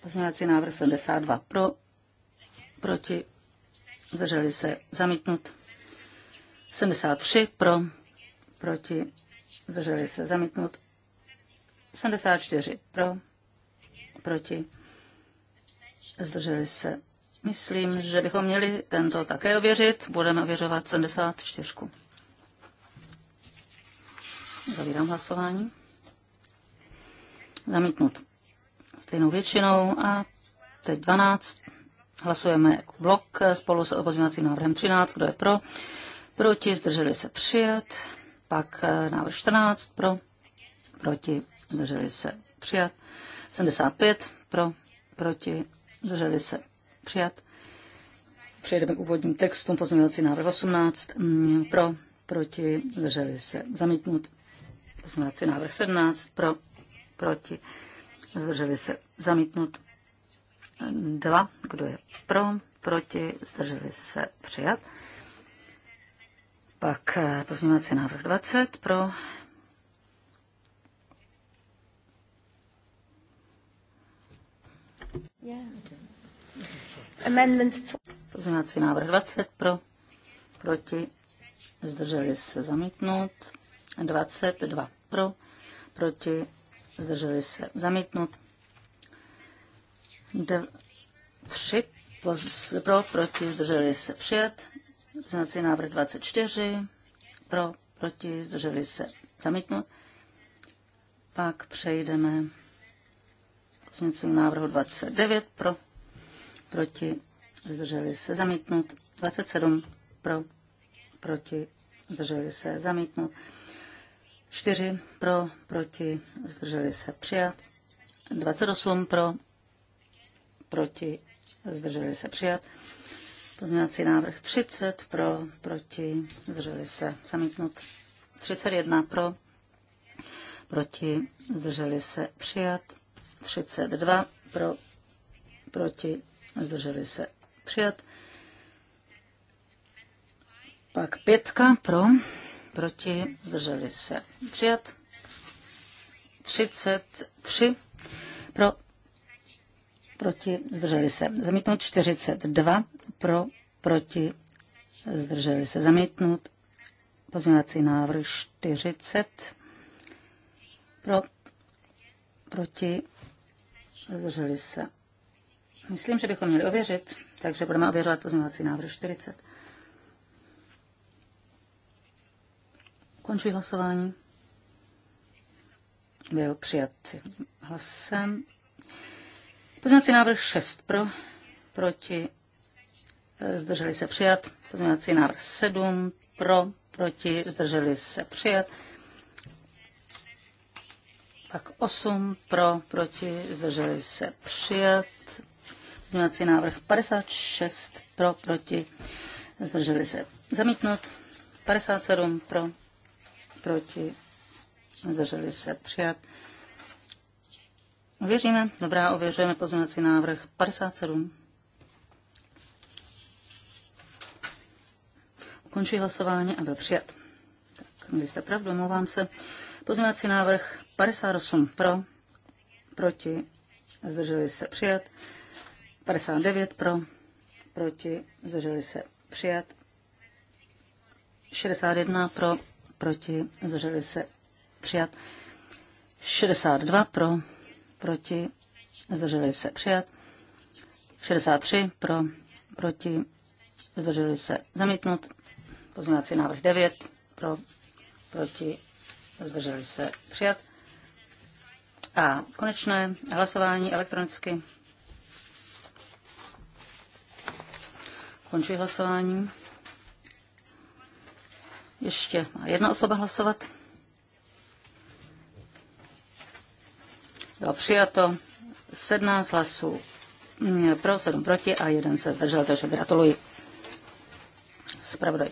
Speaker 3: Pozměňovací návrh 72 pro, proti, zdrželi se, zamítnut. 73 pro, proti, zdrželi se, zamítnut. 74 pro, proti, zdrželi se. Myslím, že bychom měli tento také ověřit. Budeme ověřovat 74. Zavírám hlasování zamítnut stejnou většinou a teď 12. Hlasujeme jako blok spolu s pozměňovacím návrhem 13. Kdo je pro? Proti, zdrželi se přijat. Pak eh, návrh 14 pro, proti, zdrželi se přijat. 75 pro, proti, zdrželi se přijat. Přejdeme k úvodním textům, pozměňovací návrh 18, mm, pro, proti, zdrželi se zamítnout. Pozměňovací návrh 17, pro, proti, zdrželi se zamítnut. Dva, kdo je pro, proti, zdrželi se přijat. Pak eh, pozměňovací návrh 20 pro, Pozměňovací návrh 20 pro, proti, zdrželi se zamítnout, 22 pro, proti, zdrželi se zamítnut. De, tři poz, pro, proti, zdrželi se přijat. Znací návrh 24, pro, proti, zdrželi se zamítnut. Pak přejdeme k pozměňovacímu návrhu 29, pro, proti, zdrželi se zamítnut. 27, pro, proti, zdrželi se zamítnut. 4 pro, proti, zdrželi se přijat. 28 pro, proti, zdrželi se přijat. Pozměňovací návrh 30 pro, proti, zdrželi se zamítnut. 31 pro, proti, zdrželi se přijat. 32 pro, proti, zdrželi se přijat. Pak pětka pro, proti, zdrželi se přijat. 33 pro, proti, zdrželi se zamítnout. 42 pro, proti, zdrželi se zamítnout. Pozměňovací návrh 40 pro, proti, zdrželi se. Myslím, že bychom měli ověřit, takže budeme ověřovat pozměňovací návrh 40. Končuji hlasování. Byl přijat hlasem. Pozměňovací návrh 6 pro, proti, zdrželi se přijat. Pozměňovací návrh 7 pro, proti, zdrželi se přijat. Pak 8 pro, proti, zdrželi se přijat. Pozměňovací návrh 56 pro, proti, zdrželi se zamítnout. 57 pro, proti, zdrželi se přijat. Uvěříme? dobrá, ověřujeme pozměňovací návrh 57. Končí hlasování a byl přijat. Tak, měli jste pravdu, omlouvám se. Pozměňovací návrh 58 pro, proti, zdrželi se přijat. 59 pro, proti, zdrželi se přijat. 61 pro, proti, zdrželi se přijat. 62 pro, proti, zdrželi se přijat. 63 pro, proti, zdrželi se zamítnut. Pozměňovací návrh 9 pro, proti, zdrželi se přijat. A konečné hlasování elektronicky. Končuji hlasování. Ještě má jedna osoba hlasovat. Bylo přijato 17 hlasů mm, pro, 7 proti a jeden se zdržel, takže gratuluji. Spravodaj.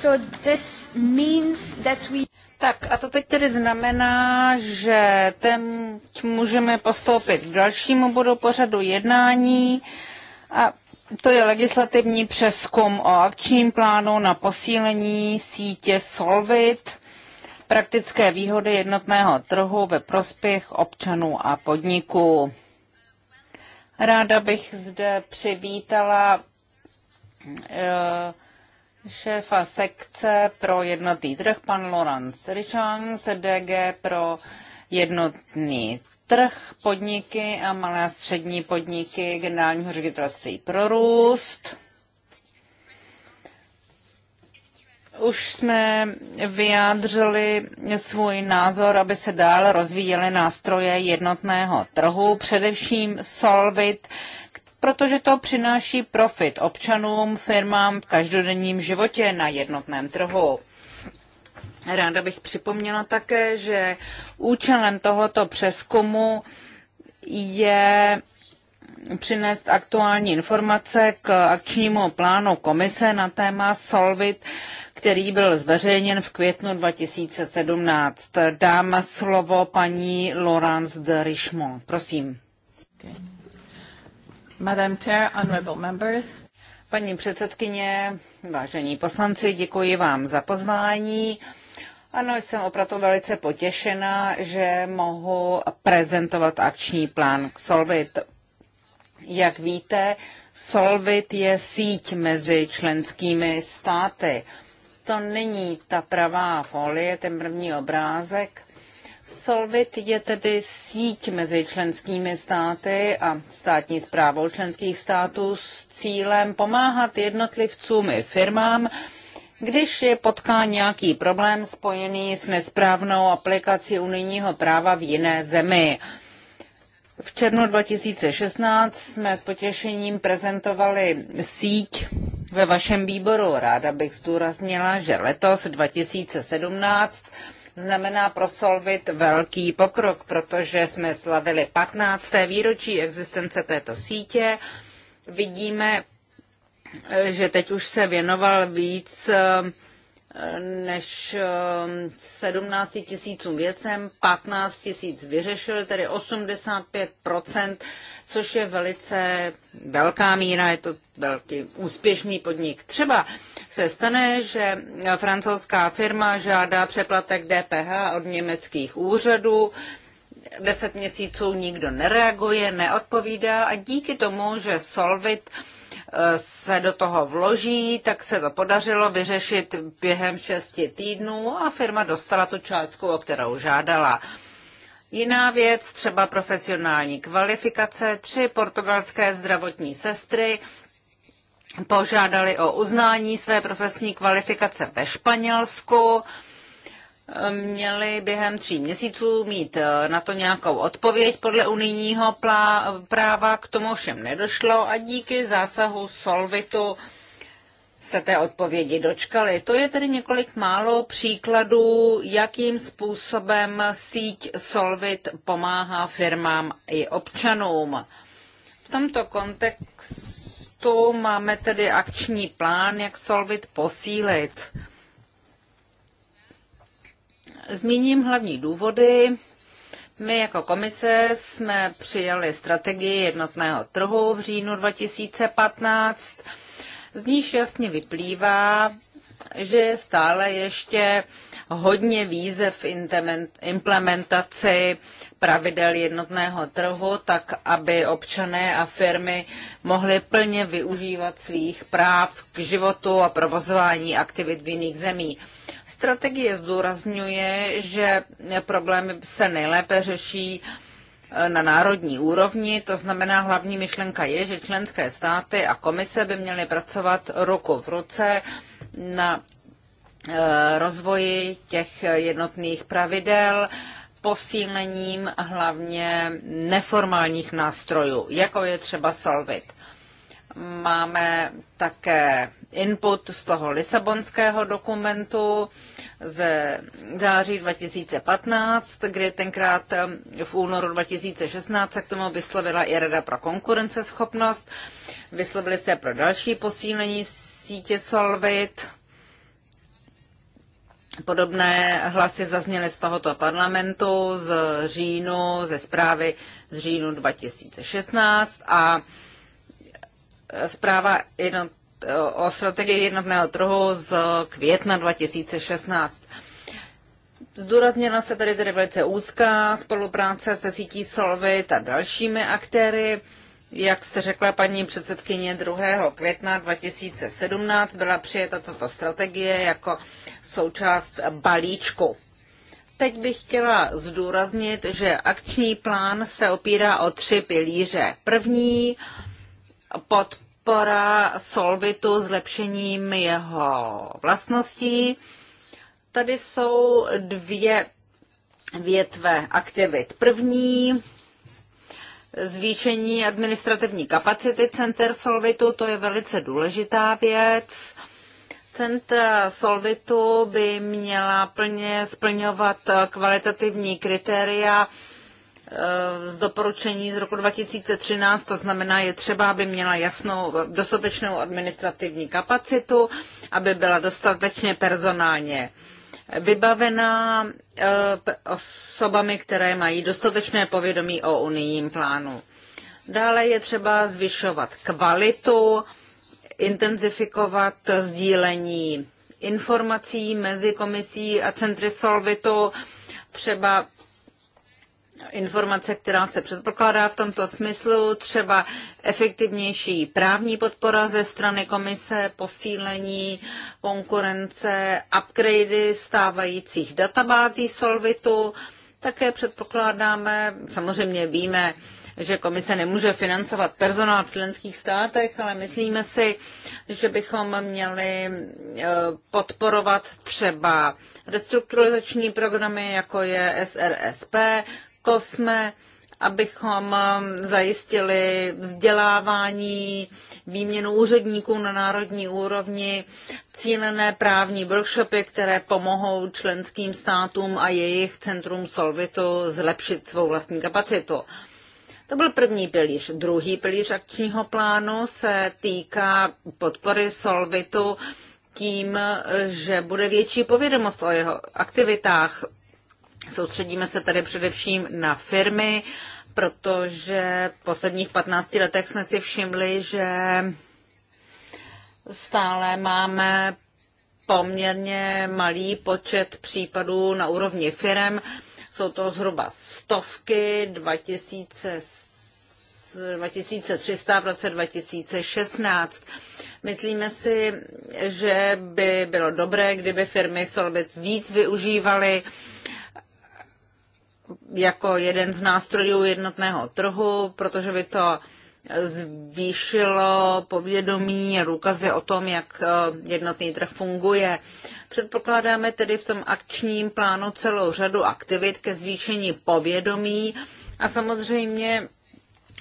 Speaker 3: So
Speaker 1: this means that we... Tak a to teď tedy znamená, že teď můžeme postoupit k dalšímu bodu pořadu jednání a to je legislativní přeskum o akčním plánu na posílení sítě Solvit, praktické výhody jednotného trhu ve prospěch občanů a podniků. Ráda bych zde přivítala uh, šéfa sekce pro jednotný trh, pan Lorenz, Richang z DG pro jednotný trh, podniky a malé a střední podniky generálního ředitelství pro růst. Už jsme vyjádřili svůj názor, aby se dál rozvíjely nástroje jednotného trhu, především Solvit, protože to přináší profit občanům, firmám v každodenním životě na jednotném trhu. Ráda bych připomněla také, že účelem tohoto přeskumu je přinést aktuální informace k akčnímu plánu komise na téma Solvit, který byl zveřejněn v květnu 2017. Dám slovo paní Laurence de Richemont, Prosím. Okay. Paní předsedkyně, vážení poslanci, děkuji vám za pozvání. Ano, jsem opravdu velice potěšena, že mohu prezentovat akční plán Solvit. Jak víte, Solvit je síť mezi členskými státy. To není ta pravá folie, ten první obrázek. Solvit je tedy síť mezi členskými státy a státní zprávou členských států s cílem pomáhat jednotlivcům i firmám, když je potká nějaký problém spojený s nesprávnou aplikací unijního práva v jiné zemi. V červnu 2016 jsme s potěšením prezentovali síť ve vašem výboru. Ráda bych zdůraznila, že letos 2017 znamená pro Solvit velký pokrok, protože jsme slavili 15. výročí existence této sítě. Vidíme, že teď už se věnoval víc než 17 ehm, tisícům věcem, 15 tisíc vyřešil, tedy 85 což je velice velká míra, je to velký úspěšný podnik. Třeba se stane, že francouzská firma žádá přeplatek DPH od německých úřadů, deset měsíců nikdo nereaguje, neodpovídá a díky tomu, že Solvit eh, se do toho vloží, tak se to podařilo vyřešit během šesti týdnů a firma dostala tu částku, o kterou žádala. Jiná věc, třeba profesionální kvalifikace. Tři portugalské zdravotní sestry požádali o uznání své profesní kvalifikace ve Španělsku. Měli během tří měsíců mít eh, na to nějakou odpověď podle unijního práva, k tomu všem nedošlo a díky zásahu Solvitu se té odpovědi dočkali. To je tedy několik málo příkladů, jakým způsobem síť Solvit pomáhá firmám i občanům. V tomto kontextu máme tedy akční plán, jak Solvit posílit. Zmíním hlavní důvody. My jako komise jsme přijali strategii jednotného trhu v říjnu 2015 z níž jasně vyplývá, že je stále ještě hodně výzev implementaci pravidel jednotného trhu, tak aby občané a firmy mohly plně využívat svých práv k životu a provozování aktivit v jiných zemí. Strategie zdůrazňuje, že problémy se nejlépe řeší Eh, na národní úrovni. To znamená, hlavní myšlenka je, že členské státy a komise by měly pracovat ruku v ruce na eh, rozvoji těch jednotných pravidel, posílením hlavně neformálních nástrojů, jako je třeba Solvit. Máme také input z toho Lisabonského dokumentu, ze září 2015, kdy tenkrát v únoru 2016 se k tomu vyslovila i Rada pro konkurenceschopnost. Vyslovili se pro další posílení sítě Solvit. Podobné hlasy zazněly z tohoto parlamentu z říjnu, ze zprávy z říjnu 2016 a e, zpráva jednot o strategii jednotného trhu z května 2016. Zdůraznila se tady tedy velice úzká spolupráce se sítí Solvit a dalšími aktéry. Jak jste řekla paní předsedkyně 2. května 2017 byla přijeta tato strategie jako součást balíčku. Teď bych chtěla zdůraznit, že akční plán se opírá o tři pilíře. První pod podpora solvitu zlepšením jeho vlastností. Tady jsou dvě větve aktivit. První zvýšení administrativní kapacity center Solvitu, to je velice důležitá věc. Centra Solvitu by měla plně splňovat kvalitativní kritéria Eh, z doporučení z roku 2013, to znamená, je třeba, aby měla jasnou dostatečnou administrativní kapacitu, aby byla dostatečně personálně vybavená eh, osobami, které mají dostatečné povědomí o unijním plánu. Dále je třeba zvyšovat kvalitu, intenzifikovat sdílení informací mezi komisí a centry Solvitu, třeba informace, která se předpokládá v tomto smyslu, třeba efektivnější právní podpora ze strany komise, posílení konkurence, upgrady stávajících databází Solvitu. Také předpokládáme, samozřejmě víme, že komise nemůže financovat personál v členských státech, ale myslíme si, že bychom měli e, podporovat třeba restrukturalizační programy, jako je SRSP, to jsme, abychom um, zajistili vzdělávání, výměnu úředníků na národní úrovni, cílené právní workshopy, které pomohou členským státům a jejich centrum Solvitu zlepšit svou vlastní kapacitu. To byl první pilíř. Druhý pilíř akčního plánu se týká podpory Solvitu tím, že bude větší povědomost o jeho aktivitách. Soustředíme se tady především na firmy, protože v posledních 15 letech jsme si všimli, že stále máme poměrně malý počet případů na úrovni firm. Jsou to zhruba stovky, 2000, 2300 v roce 2016. Myslíme si, že by bylo dobré, kdyby firmy Solbit víc využívaly jako jeden z nástrojů jednotného trhu, protože by to zvýšilo povědomí a důkazy o tom, jak eh, jednotný trh funguje. Předpokládáme tedy v tom akčním plánu celou řadu aktivit ke zvýšení povědomí a samozřejmě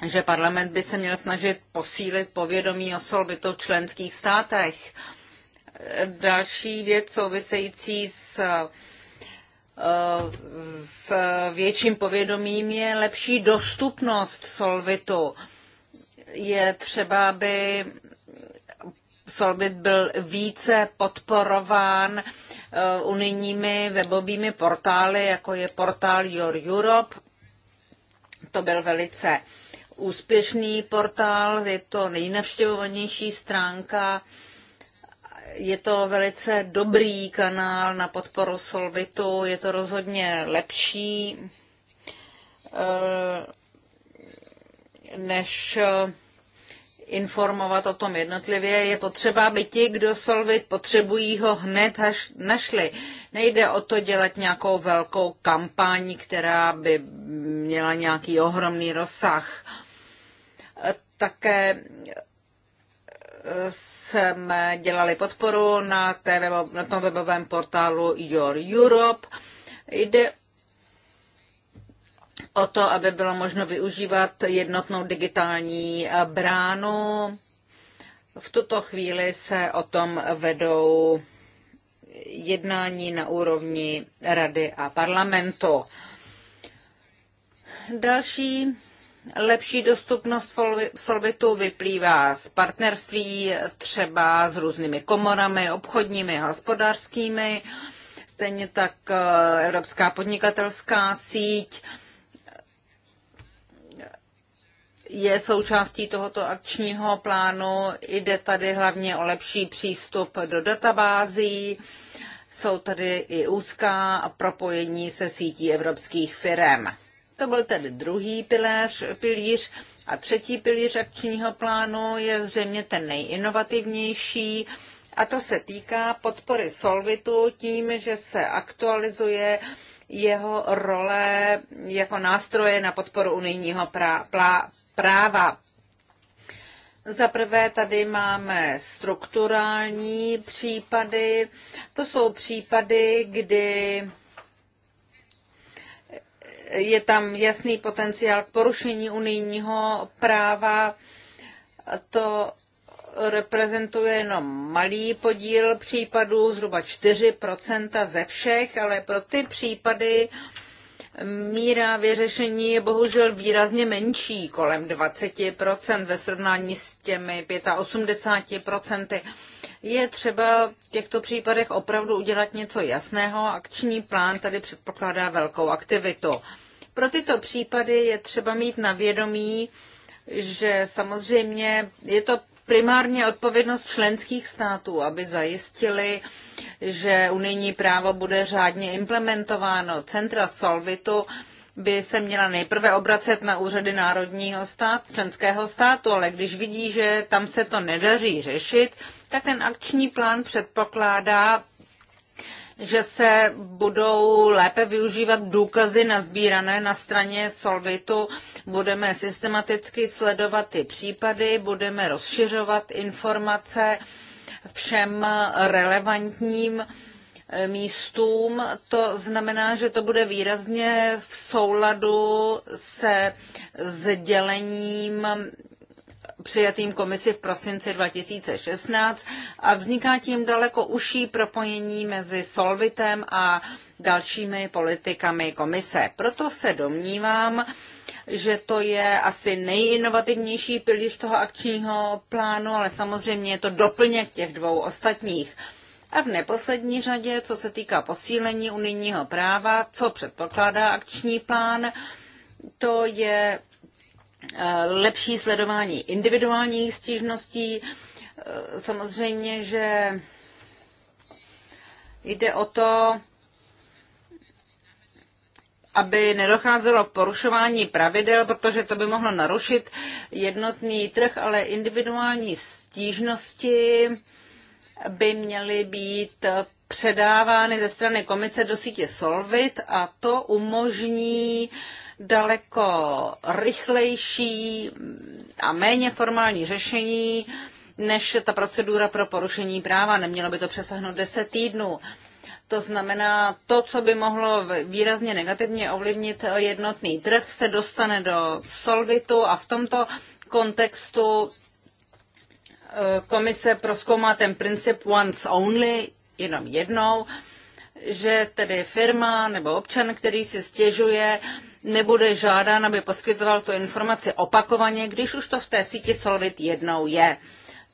Speaker 1: že parlament by se měl snažit posílit povědomí o solbitu v členských státech. Další věc související s s větším povědomím je lepší dostupnost solvitu. Je třeba, aby solvit byl více podporován eh, unijními webovými portály, jako je portál Your Europe. To byl velice úspěšný portál, je to nejnavštěvovanější stránka uh, je to velice dobrý kanál na podporu Solvitu, je to rozhodně lepší eh, než eh, informovat o tom jednotlivě. Je potřeba, aby ti, kdo solvit potřebují, ho hned až našli. Nejde o to dělat nějakou velkou kampaň, která by měla nějaký ohromný rozsah. Eh, také jsme dělali podporu na, té webo, na tom webovém portálu Your Europe. Jde o to, aby bylo možno využívat jednotnou digitální eh, bránu. V tuto chvíli se o tom vedou jednání na úrovni Rady a parlamentu. Další Lepší dostupnost solvitu vyplývá z partnerství třeba s různými komorami, obchodními, hospodářskými, stejně tak eh, Evropská podnikatelská síť je součástí tohoto akčního plánu. Jde tady hlavně o lepší přístup do databází. Jsou tady i úzká propojení se sítí evropských firm. To byl tedy druhý pilář, pilíř. A třetí pilíř akčního plánu je zřejmě ten nejinovativnější. A to se týká podpory Solvitu tím, že se aktualizuje jeho role jako nástroje na podporu unijního práva. Za prvé tady máme strukturální případy. To jsou případy, kdy je tam jasný potenciál k porušení unijního práva. To reprezentuje jenom malý podíl případů, zhruba 4% ze všech, ale pro ty případy míra vyřešení je bohužel výrazně menší, kolem 20% ve srovnání s těmi 85%. Je třeba v těchto případech opravdu udělat něco jasného. Akční plán tady předpokládá velkou aktivitu. Pro tyto případy je třeba mít na vědomí, že samozřejmě je to primárně odpovědnost členských států, aby zajistili, že unijní právo bude řádně implementováno. Centra Solvitu by se měla nejprve obracet na úřady národního stát, členského státu, ale když vidí, že tam se to nedaří řešit, tak ten akční plán předpokládá, že se budou lépe využívat důkazy nazbírané na straně Solvitu. Budeme systematicky sledovat ty případy, budeme rozšiřovat informace všem relevantním eh, místům. To znamená, že to bude výrazně v souladu se sdělením přijatým komisi v prosinci 2016 a vzniká tím daleko užší propojení mezi Solvitem a dalšími politikami komise. Proto se domnívám, že to je asi nejinovativnější pilíř toho akčního plánu, ale samozřejmě je to doplněk těch dvou ostatních. A v neposlední řadě, co se týká posílení unijního práva, co předpokládá akční plán, to je Eh, lepší sledování individuálních stížností. Eh, samozřejmě, že jde o to, aby nedocházelo k porušování pravidel, protože to by mohlo narušit jednotný trh, ale individuální stížnosti by měly být předávány ze strany komise do sítě Solvit a to umožní uh, daleko rychlejší a méně formální řešení než ta procedura pro porušení práva. Nemělo by to přesáhnout 10 týdnů. To znamená, to, co by mohlo výrazně negativně ovlivnit jednotný trh, se dostane do solvitu a v tomto kontextu eh, komise proskoumá ten princip once only, jenom jednou, že tedy firma nebo občan, který si stěžuje, nebude žádán, aby poskytoval tu informaci opakovaně, když už to v té síti Solvit jednou je.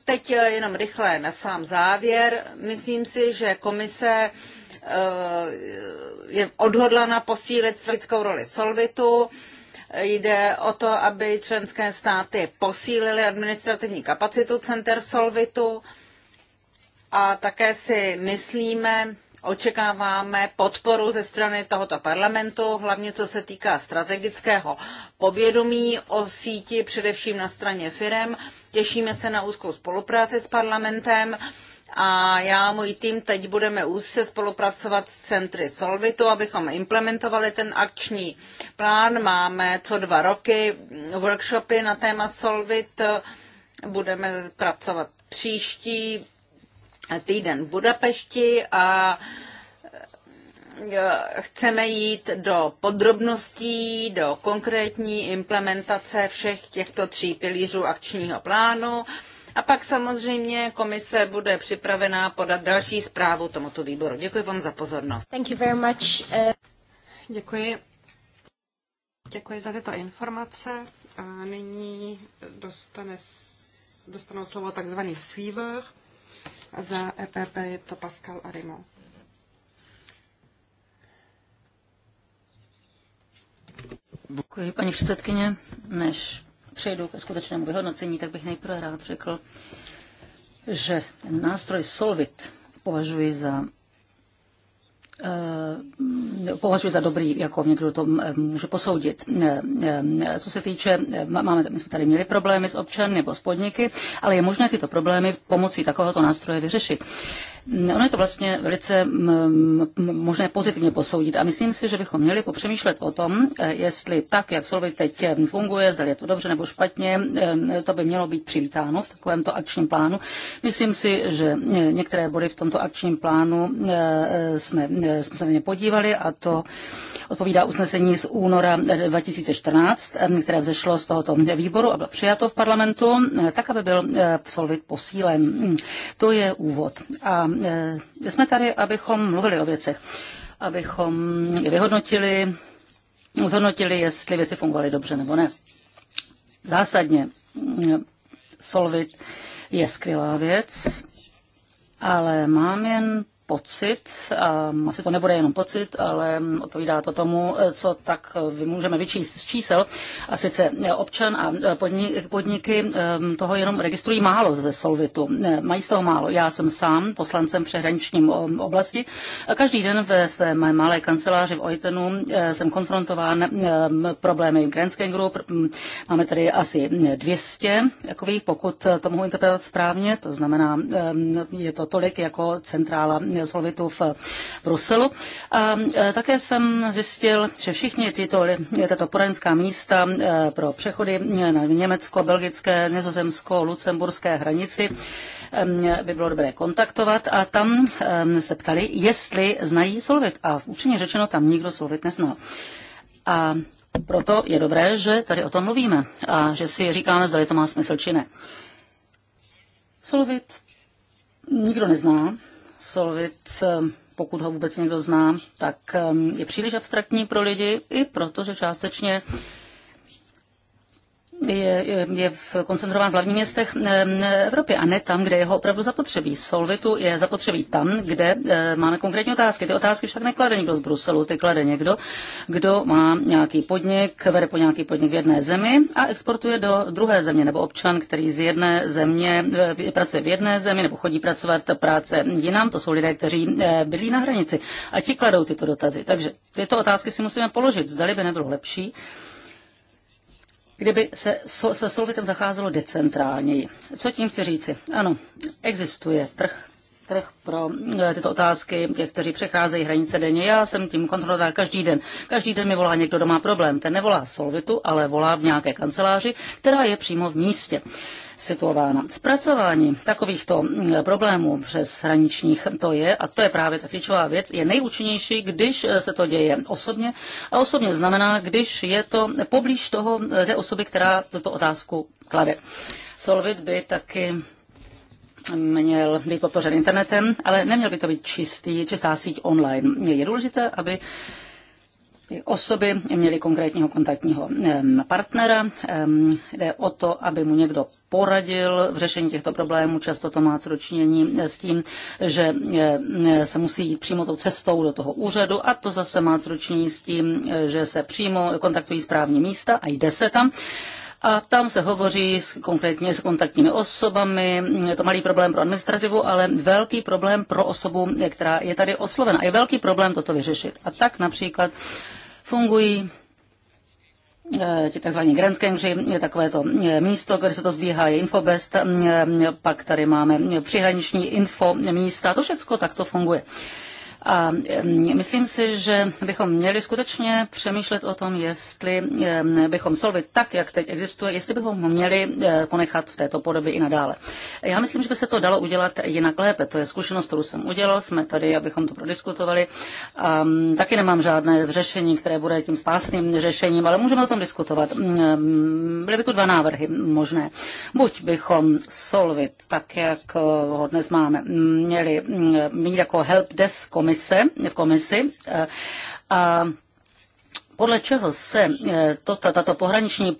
Speaker 1: Teď eh, jenom rychle na sám závěr. Myslím si, že komise eh, je odhodlana posílit strategickou roli Solvitu. Jde o to, aby členské státy posílily administrativní kapacitu center Solvitu a také si myslíme, očekáváme podporu ze strany tohoto parlamentu, hlavně co se týká strategického povědomí o síti, především na straně firem. Těšíme se na úzkou spolupráci s parlamentem a já a můj tým teď budeme úzce spolupracovat s centry Solvitu, abychom implementovali ten akční plán. Máme co dva roky workshopy na téma Solvit, budeme pracovat příští týden v Budapešti a e, chceme jít do podrobností, do konkrétní implementace všech těchto tří pilířů akčního plánu. A pak samozřejmě komise bude připravená podat další zprávu tomuto výboru. Děkuji vám za pozornost. Thank you very much.
Speaker 2: Uh, Děkuji. Děkuji za tyto informace. A nyní dostane, dostanou slovo takzvaný sweaver. Za EPP je to Pascal Arimo.
Speaker 3: Děkuji, paní předsedkyně. Než přejdu ke skutečnému vyhodnocení, tak bych nejprve rád řekl, že nástroj Solvit považuji za Eh, považuji za dobrý, jako někdo to eh, může posoudit. Eh, co se týče, máme, my jsme tady měli problémy s občany nebo s podniky, ale je možné tyto problémy pomocí takovéhoto nástroje vyřešit. No, ono je to vlastně velice mm, mm, mm, možné pozitivně posoudit a myslím si, že bychom měli popřemýšlet o tom, eh, jestli tak, jak Solvit teď eh, funguje, zda je to dobře nebo špatně, eh, to by mělo být přivítáno v takovémto akčním plánu. Myslím si, že některé body v tomto akčním plánu jsme, jsme se na ně podívali a to odpovídá usnesení z února 2014, které vzešlo z tohoto výboru a bylo přijato v parlamentu, tak, aby byl Solvit posílen. To je úvod. A Eh, jsme tady, abychom mluvili o věcech, abychom je vyhodnotili, zhodnotili, jestli věci fungovaly dobře nebo ne. Zásadně eh, Solvit je skvělá věc, ale mám jen pocit, a asi to nebude jenom pocit, ale odpovídá to tomu, co tak můžeme vyčíst z čísel, a sice občan a podnik, podniky toho jenom registrují málo ze Solvitu. Mají z toho málo. Já jsem sám poslancem v přehraničním oblasti a každý den ve své malé kanceláři v Ojtenu e, jsem konfrontován problémy Grenzken Group. Máme tady asi 200 takových, pokud to mohu interpretovat správně, to znamená, je to tolik jako centrála Solvitu v Bruselu. A e, také jsem zjistil, že všichni tyto, tato poradenská místa e, pro přechody na Německo, Belgické, Nizozemsko, Lucemburské hranici e, by bylo dobré kontaktovat a tam se ptali, jestli znají Solvit. A účinně řečeno, tam nikdo Solvit neznal. A proto je dobré, že tady o tom mluvíme a že si říkáme, zda to má smysl či ne. Solvit nikdo nezná, Solvit, eh, pokud ho vůbec někdo zná, tak eh, je příliš abstraktní pro lidi i protože částečně je, je koncentrován v hlavních městech eh, Evropy a ne tam, kde je ho opravdu zapotřebí. Solvitu je zapotřebí tam, kde eh, máme konkrétní otázky. Ty otázky však neklade nikdo z Bruselu, ty klade někdo, kdo má nějaký podnik, vede po nějaký podnik v jedné zemi a exportuje do druhé země, nebo občan, který z jedné země eh, pracuje v jedné zemi nebo chodí pracovat práce jinam. To jsou lidé, kteří bydlí na hranici a ti kladou tyto dotazy. Takže tyto otázky si musíme položit. Zdali by nebylo lepší, kdyby se se solvitem zacházelo decentrálněji. Co tím chci říci? Ano, existuje trh trh pro eh, tyto otázky, těch, kteří přecházejí hranice denně. Já jsem tím kontrolovat každý den. Každý den mi volá někdo, kdo má problém. Ten nevolá Solvitu, ale volá v nějaké kanceláři, která je přímo v místě situována. Zpracování takovýchto mm, problémů přes hraničních to je, a to je právě ta klíčová věc, je nejúčinnější, když eh, se to děje osobně. A osobně znamená, když je to poblíž toho, eh, té osoby, která tuto otázku klade. Solvit by taky měl být podpořen internetem, ale neměl by to být čistý, čistá síť online. Je důležité, aby osoby měly konkrétního kontaktního partnera. Jde o to, aby mu někdo poradil v řešení těchto problémů. Často to má co dočinění s tím, že se musí jít přímo tou cestou do toho úřadu a to zase má co dočinění s tím, že se přímo kontaktují správní místa a jde se tam. A tam se hovoří s, konkrétně s kontaktními osobami, je to malý problém pro administrativu, ale velký problém pro osobu, která je tady oslovena. je velký problém toto vyřešit. A tak například fungují eh, ti tzv. Grenzgangři, je takové to eh, místo, kde se to zbíhá, je Infobest, mm, eh, pak tady máme přihraniční info místa, to všechno takto funguje. A mm, myslím si, že bychom měli skutečně přemýšlet o tom, jestli mm, bychom Solvit tak, jak teď existuje, jestli bychom měli e, ponechat v této podobě i nadále. Já myslím, že by se to dalo udělat jinak lépe. To je zkušenost, kterou jsem udělal. Jsme tady, abychom to prodiskutovali. A mm, taky nemám žádné řešení, které bude tím spásným řešením, ale můžeme o tom diskutovat. Byly by tu dva návrhy možné. Buď bychom Solvit, tak jak ho dnes máme, měli mít jako desk, komise, komise, v komisi. Eh, a podle čeho se eh, to, tato pohraniční,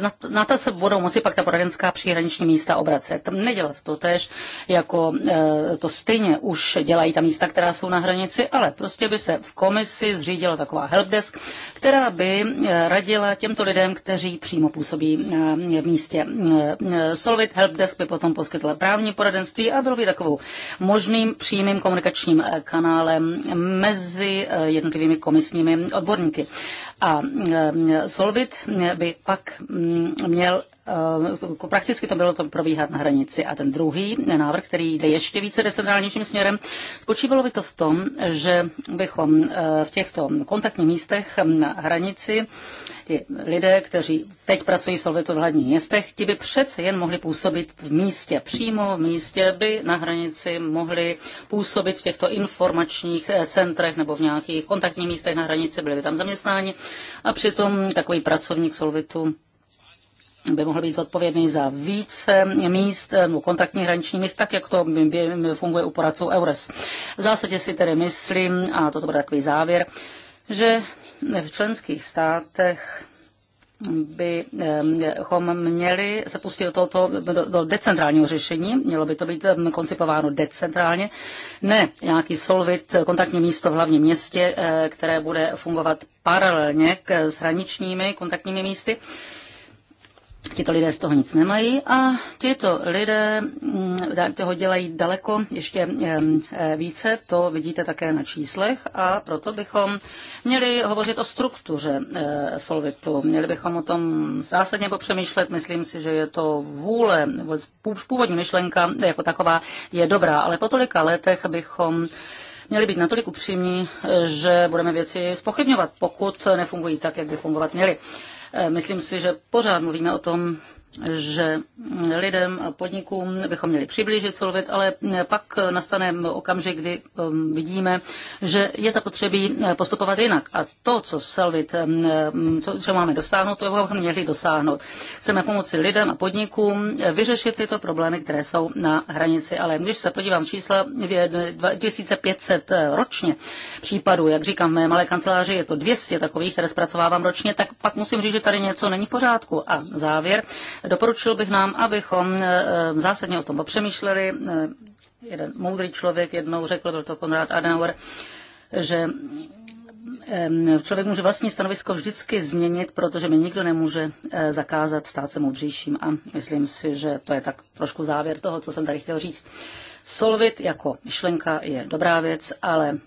Speaker 3: na, na to se budou moci pak ta poradenská příhraniční místa obracet. Nedělat to tež, jako eh, to stejně už dělají ta místa, která jsou na hranici, ale prostě by se v komisi zřídila taková helpdesk, která by eh, radila těmto lidem, kteří přímo působí v místě. Solvit helpdesk by potom poskytla právní poradenství a bylo by takovou možným přímým komunikačním kanálem mezi jednotlivými komisními odborníky. A mm, mm, Solvit by pak mm, měl Eh, prakticky to bylo to probíhat na hranici. A ten druhý návrh, který jde ještě více decentrálnějším směrem, spočívalo by to v tom, že bychom eh, v těchto kontaktních místech na hranici lidé, kteří teď pracují v Solvitu v hlavních městech, ti by přece jen mohli působit v místě, přímo v místě by na hranici mohli působit v těchto informačních eh, centrech nebo v nějakých kontaktních místech na hranici, byli by tam zaměstnáni a přitom takový pracovník Solvitu by mohl být zodpovědný za více míst, no, kontaktních hraničních míst, tak jak to funguje u poradců EURES. V zásadě si tedy myslím, a toto bude takový závěr, že v členských státech bychom měli se pustit do, do, do decentrálního řešení. Mělo by to být um, koncipováno decentrálně, ne nějaký solvit, kontaktní místo v hlavním městě, eh, které bude fungovat paralelně k s hraničními kontaktními místy. Tito lidé z toho nic nemají a tito lidé mm, toho dělají daleko ještě eh, více, to vidíte také na číslech a proto bychom měli hovořit o struktuře eh, Solvitu. Měli bychom o tom zásadně popřemýšlet, myslím si, že je to vůle, původní myšlenka jako taková je dobrá, ale po tolika letech bychom měli být natolik upřímní, že budeme věci spochybňovat, pokud nefungují tak, jak by fungovat měly. Eh, myslím si, že pořád mluvíme o tom, že lidem a podnikům bychom měli přiblížit Solvit, ale pak nastane okamžik, kdy um, vidíme, že je zapotřebí postupovat jinak. A to, co Solvit, um, co, co máme dosáhnout, to bychom měli dosáhnout. Chceme pomoci lidem a podnikům vyřešit tyto problémy, které jsou na hranici. Ale když se podívám čísla 2500 eh, ročně případů, jak říkám, v mé malé kanceláři je to 200 takových, které zpracovávám ročně, tak pak musím říct, že tady něco není v pořádku. A závěr, Doporučil bych nám, abychom eh, eh, zásadně o tom popřemýšleli. Eh, jeden moudrý člověk jednou řekl, byl to Konrad Adenauer, že člověk může vlastní stanovisko vždycky změnit, protože mi nikdo nemůže zakázat stát se moudřejším. A myslím si, že to je tak trošku závěr toho, co jsem tady chtěl říct. Solvit jako myšlenka je dobrá věc, ale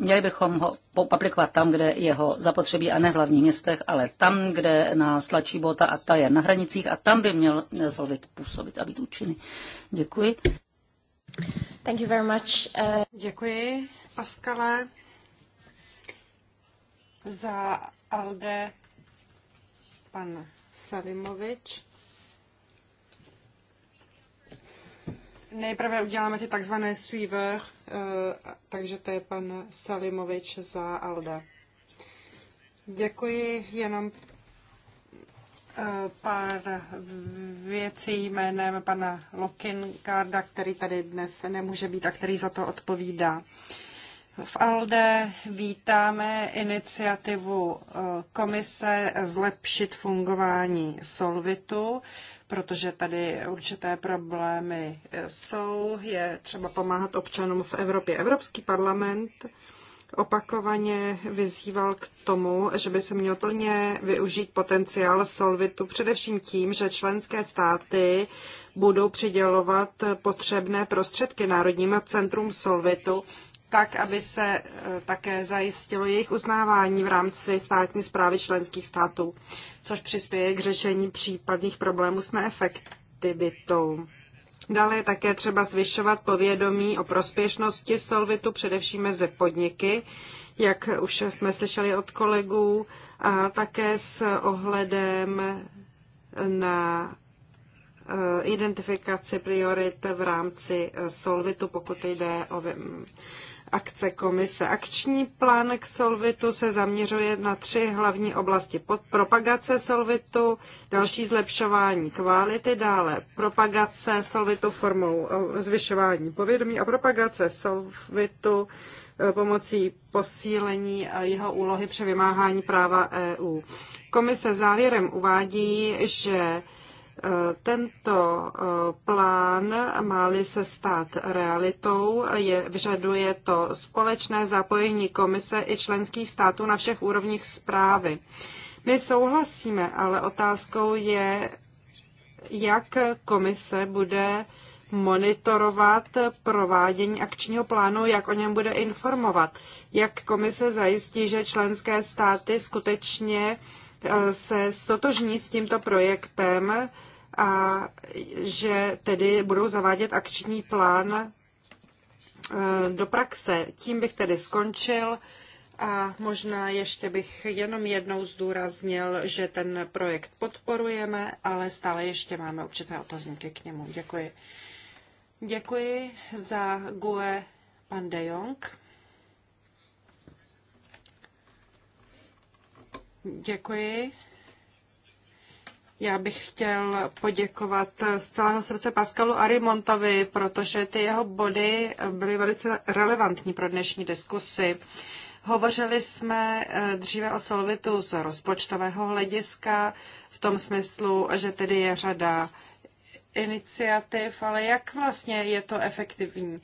Speaker 3: Měli bychom ho aplikovat tam, kde jeho zapotřebí a ne v hlavních městech, ale tam, kde nás tlačí bota a ta je na hranicích a tam by měl Solvit působit a být účinný. Děkuji.
Speaker 2: Thank you very much. Uh... Děkuji, Paskale, za Alde pan Salimovič. Nejprve uděláme ty takzvané sweaver, eh, takže to je pan Salimovič za Alda. Děkuji, jenom eh, pár věcí jménem pana Lokinkarda, který tady dnes nemůže být a který za to odpovídá. V ALDE vítáme iniciativu eh, komise zlepšit fungování Solvitu, protože tady určité problémy eh, jsou. Je třeba pomáhat občanům v Evropě. Evropský parlament opakovaně vyzýval k tomu, že by se měl plně využít potenciál Solvitu, především tím, že členské státy budou přidělovat potřebné prostředky Národním centrum Solvitu tak, aby se e, také zajistilo jejich uznávání v rámci státní zprávy členských států, což přispěje k řešení případných problémů s neefektivitou. Dále je také třeba zvyšovat povědomí o prospěšnosti solvitu, především mezi podniky, jak už jsme slyšeli od kolegů, a také s ohledem na e, identifikaci priorit v rámci e, solvitu, pokud jde o akce komise. Akční plán k Solvitu se zaměřuje na tři hlavní oblasti. Pod propagace Solvitu, další zlepšování kvality, dále propagace Solvitu formou zvyšování povědomí a propagace Solvitu e, pomocí posílení jeho úlohy při vymáhání práva EU. Komise závěrem uvádí, že Eh, tento eh, plán, má-li se stát realitou, je, vyžaduje to společné zapojení komise i členských států na všech úrovních zprávy. My souhlasíme, ale otázkou je, jak komise bude monitorovat provádění akčního plánu, jak o něm bude informovat, jak komise zajistí, že členské státy skutečně eh, se stotožní s tímto projektem, a že tedy budou zavádět akční plán eh, do praxe. Tím bych tedy skončil a možná ještě bych jenom jednou zdůraznil, že ten projekt podporujeme, ale stále ještě máme určité otazníky k němu. Děkuji. Děkuji za GUE pan De Jong. Děkuji. Já bych chtěl poděkovat z celého srdce Pascalu Arimontovi, protože ty jeho body byly velice relevantní pro dnešní diskusi. Hovořili jsme eh, dříve o solvitu z rozpočtového hlediska, v tom smyslu, že tedy je řada iniciativ, ale jak vlastně je to efektivní?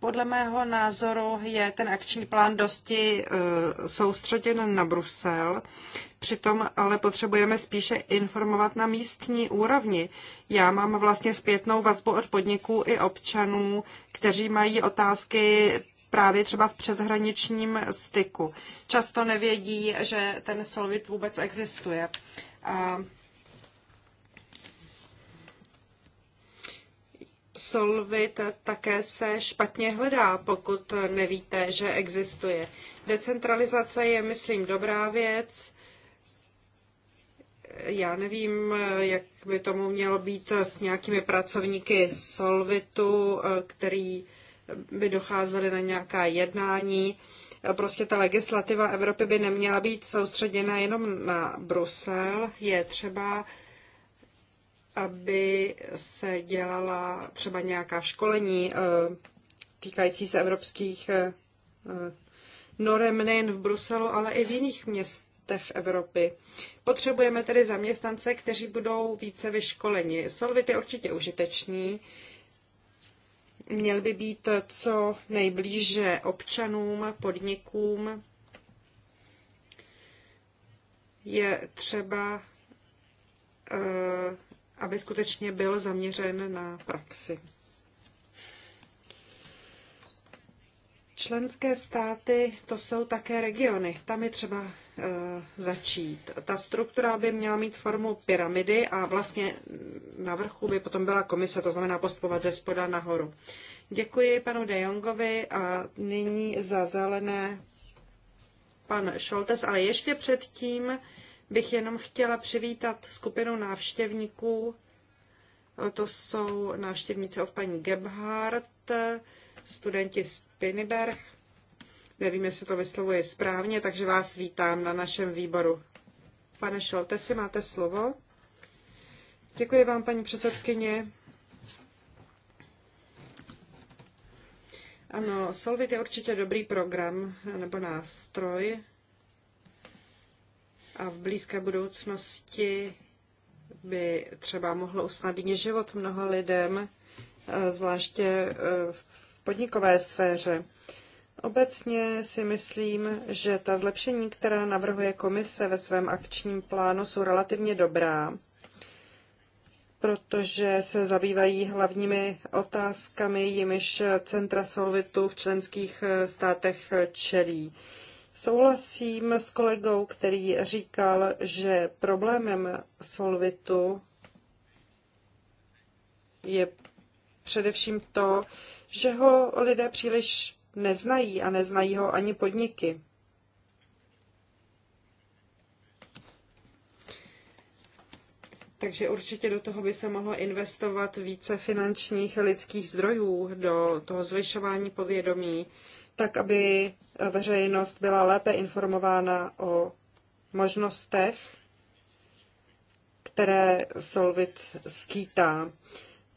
Speaker 2: Podle mého názoru je ten akční plán dosti e, soustředěn na Brusel, přitom ale potřebujeme spíše informovat na místní úrovni. Já mám vlastně zpětnou vazbu od podniků i občanů, kteří mají otázky právě třeba v přeshraničním styku. Často nevědí, že ten Solvit vůbec existuje. A Solvit také se špatně hledá, pokud nevíte, že existuje. Decentralizace je, myslím, dobrá věc. Já nevím, jak by tomu mělo být s nějakými pracovníky Solvitu, který by docházeli na nějaká jednání. Prostě ta legislativa Evropy by neměla být soustředěna jenom na Brusel. Je třeba aby se dělala třeba nějaká školení eh, týkající se evropských eh, eh, norem nejen v Bruselu, ale i v jiných městech Evropy. Potřebujeme tedy zaměstnance, kteří budou více vyškoleni. Solvit je určitě užitečný, měl by být co nejblíže občanům, podnikům. Je třeba aby skutečně byl zaměřen na praxi. Členské státy to jsou také regiony. Tam je třeba e, začít. Ta struktura by měla mít formu pyramidy a vlastně na vrchu by potom byla komise, to znamená postupovat ze spoda nahoru. Děkuji panu De Jongovi a nyní za zelené pan Šoltes, ale ještě předtím bych jenom chtěla přivítat skupinu návštěvníků. To jsou návštěvníci od paní Gebhardt, studenti z Piniberg. Nevím, jestli to vyslovuje správně, takže vás vítám na našem výboru. Pane Šolte, si máte slovo. Děkuji vám, paní předsedkyně. Ano, Solvit je určitě dobrý program nebo nástroj, a v blízké budoucnosti by třeba mohlo usnadnit život mnoha lidem, eh, zvláště eh, v podnikové sféře. Obecně si myslím, že ta zlepšení, která navrhuje komise ve svém akčním plánu, jsou relativně dobrá, protože se zabývají hlavními otázkami, jimiž centra solvitu v členských eh, státech čelí. Souhlasím s kolegou, který říkal, že problémem solvitu je především to, že ho lidé příliš neznají a neznají ho ani podniky. Takže určitě do toho by se mohlo investovat více finančních a lidských zdrojů, do toho zvyšování povědomí tak aby veřejnost byla lépe informována o možnostech, které Solvit skýtá.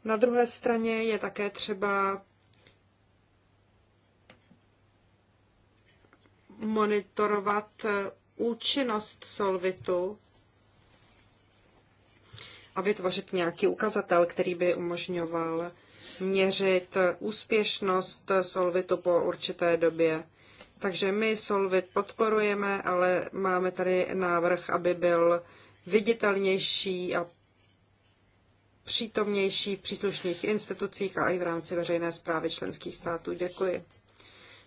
Speaker 2: Na druhé straně je také třeba monitorovat účinnost Solvitu a vytvořit nějaký ukazatel, který by umožňoval měřit úspěšnost Solvitu po určité době. Takže my Solvit podporujeme, ale máme tady návrh, aby byl viditelnější a přítomnější v příslušných institucích a i v rámci veřejné zprávy členských států. Děkuji.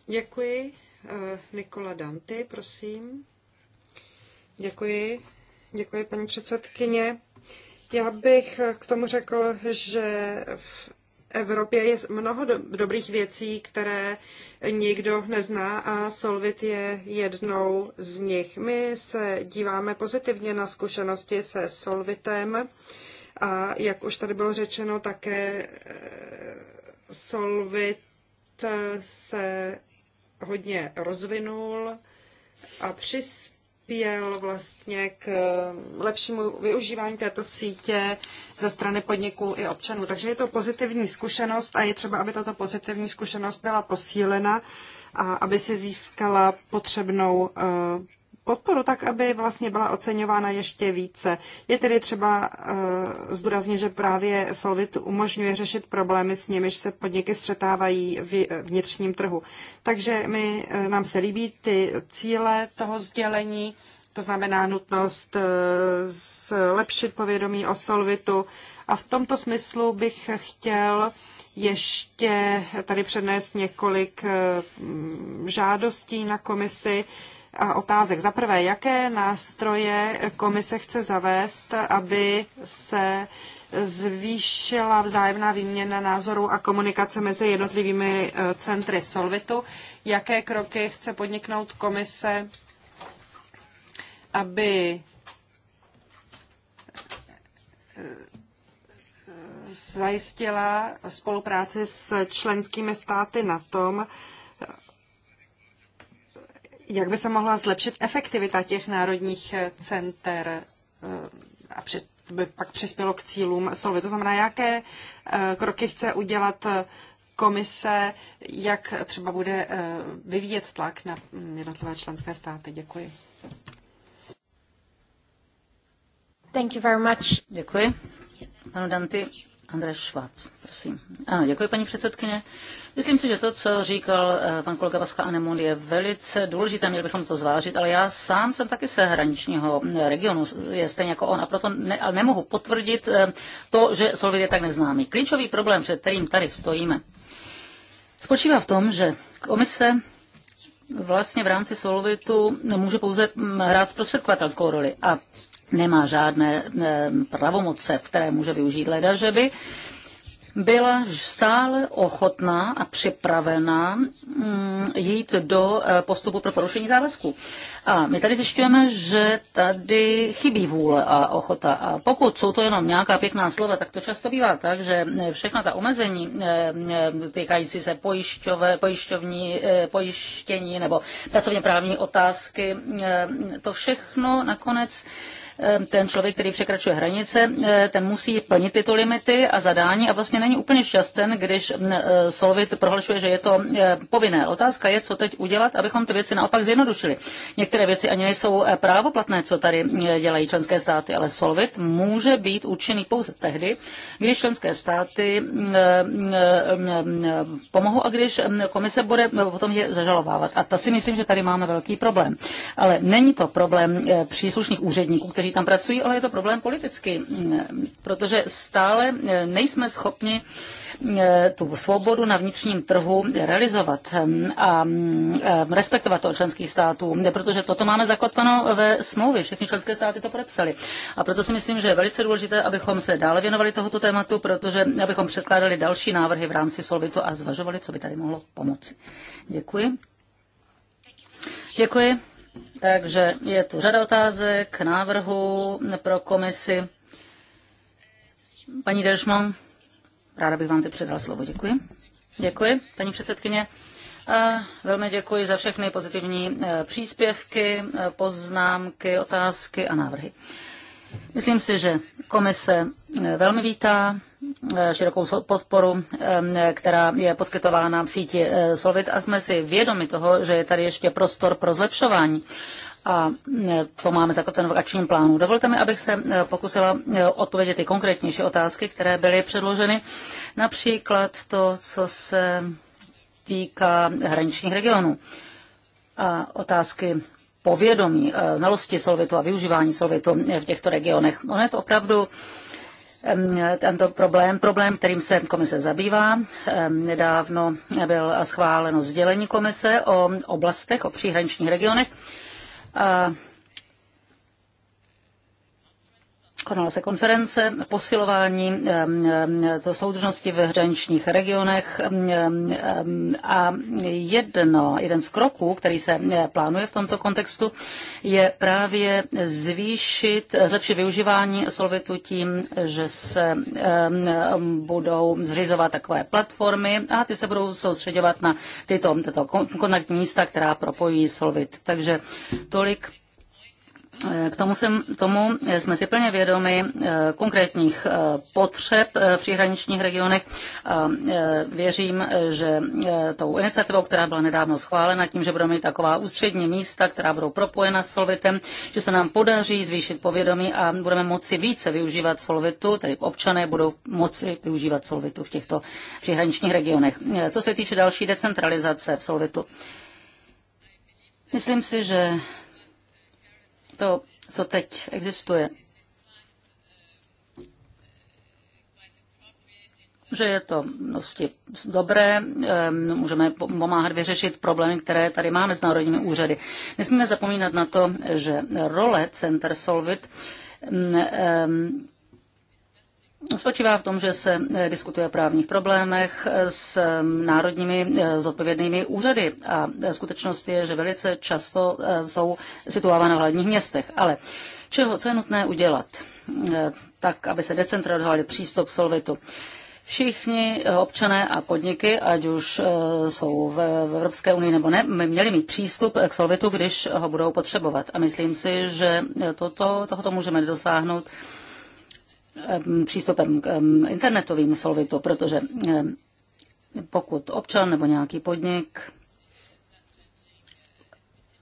Speaker 2: Děkuji. Eh, Nikola Danty, prosím. Děkuji. Děkuji, paní předsedkyně. Já bych k tomu řekl, že Evropě je mnoho do, dobrých věcí, které nikdo nezná a Solvit je jednou z nich. My se díváme pozitivně na zkušenosti se Solvitem a jak už tady bylo řečeno, také eh, Solvit eh, se hodně rozvinul a přispěl přispěl vlastně k eh, lepšímu využívání této sítě ze strany podniků i občanů. Takže je to pozitivní zkušenost a je třeba, aby tato pozitivní zkušenost byla posílena a aby si získala potřebnou eh, podporu tak, aby vlastně byla oceňována ještě více. Je tedy třeba uh, zdůraznit, že právě Solvit umožňuje řešit problémy, s nimiž se podniky střetávají v vnitřním trhu. Takže my, eh, nám se líbí ty cíle toho sdělení, to znamená nutnost eh, zlepšit povědomí o Solvitu. A v tomto smyslu bych chtěl ještě tady přednést několik žádostí na komisi otázek. Za prvé, jaké nástroje komise chce zavést, aby se zvýšila vzájemná výměna názorů a komunikace mezi jednotlivými eh, centry Solvitu. Jaké kroky chce podniknout komise, aby eh, zajistila spolupráci s členskými státy na tom, jak by se mohla zlepšit efektivita těch národních eh, center eh, a před, by pak přispělo k cílům Solvy. To znamená, jaké eh, kroky chce udělat komise, jak třeba bude vyvíjet tlak na mm, jednotlivé členské státy. Děkuji.
Speaker 3: Thank you very much. Děkuji. Ano, Danty. Andrej Šváb, prosím. Ano, děkuji, paní předsedkyně. Myslím si, že to, co říkal eh, pan kolega Pascal Anemon, je velice důležité, měli bychom to zvážit, ale já sám jsem taky z hraničního eh, regionu, je stejně jako on, a proto ne, nemohu potvrdit eh, to, že Solvit je tak neznámý. Klíčový problém, před kterým tady stojíme, spočívá v tom, že komise vlastně v rámci Solovitu může pouze mm, hrát zprostředkovatelskou roli a nemá žádné mm, pravomoce, které může využít leda, že by byla stále ochotná a připravená mm, jít do eh, postupu pro porušení závazků. A my tady zjišťujeme, že tady chybí vůle a ochota. A pokud jsou to jenom nějaká pěkná slova, tak to často bývá tak, že všechna ta omezení eh, eh, týkající se pojišťové, pojišťovní, pojištění nebo pracovně právní otázky, to všechno nakonec Ehm, ten člověk, který překračuje hranice, eh, ten musí plnit tyto limity a zadání a vlastně není úplně šťasten, když mm, eh, Solvit prohlašuje, že je to eh, povinné. Otázka je, co teď udělat, abychom ty věci naopak zjednodušili. Některé věci ani nejsou právoplatné, co tady dělají členské státy, ale Solvit může být účinný pouze tehdy, když členské státy mm, mm, pomohou a když komise bude potom je zažalovávat. A to si myslím, že tady máme velký problém. Ale není to problém příslušných úředníků, kteří kteří tam pracují, ale je to problém politický, mm, protože stále mm, nejsme schopni mm, tu svobodu na vnitřním trhu realizovat a e, respektovat to členských států, protože toto máme zakotveno ve smlouvě, všechny členské státy to podepsali. A proto si myslím, že je velice důležité, abychom se dále věnovali tohoto tématu, protože abychom předkládali další návrhy v rámci Solvitu a zvažovali, co by tady mohlo pomoci. Děkuji. Děkuji. Takže je tu řada otázek, návrhů pro komisi. Paní Deršman, ráda bych vám teď předala slovo. Děkuji. Děkuji, paní předsedkyně. A velmi děkuji za všechny pozitivní e, příspěvky, e, poznámky, otázky a návrhy. Myslím si, že komise e, velmi vítá Eh, širokou podporu, která je poskytována v síti eh, Solvit a jsme si vědomi toho, že je tady ještě prostor pro zlepšování a eh, to máme zakotveno v akčním plánu. Dovolte mi, abych se pokusila odpovědět ty konkrétnější otázky, které byly předloženy. Například to, co se týká hraničních regionů a otázky povědomí, znalosti solvitu a využívání solvitu v těchto regionech. Ono je to opravdu tento problém, problém, kterým se komise zabývá. Nedávno byl schváleno sdělení komise o oblastech, o příhraničních regionech. Konala se konference posilování to soudržnosti v hraničních regionech a jedno, jeden z kroků, který se eh, plánuje v tomto kontextu, je právě zvýšit, zlepšit využívání solvitu tím, že se budou zřizovat takové platformy a ty se budou soustředovat na tyto, tyto kontaktní místa, která propojí solvit. Takže tolik Eh, k tomu, jsem, tomu eh, jsme si plně vědomi eh, konkrétních potřeb v příhraničních regionech věřím, že tou iniciativou, která byla nedávno schválena, tím, že budeme mít taková ústřední místa, která budou propojena s Solvitem, že se nám podaří zvýšit povědomí a budeme moci více využívat Solvitu, tedy občané budou moci využívat Solvitu v těchto příhraničních regionech. Co se týče další decentralizace v Solvitu, myslím si, že to, co teď existuje, že je to vlastně dobré, můžeme pomáhat vyřešit problémy, které tady máme s národními úřady. Nesmíme zapomínat na to, že role Center Solvit mm, spočívá v tom, že se eh, diskutuje o právních problémech eh, s eh, národními zodpovědnými úřady a skutečnost je, že velice často jsou situována v hlavních městech. Ale čeho, co je nutné udělat, tak aby se decentralizovali přístup k solvitu? všichni občané a podniky, ať už jsou v Evropské unii nebo ne, měli mít přístup k solvitu, když ho budou potřebovat. A myslím si, že toto, tohoto můžeme dosáhnout přístupem k internetovým solvitu, protože pokud občan nebo nějaký podnik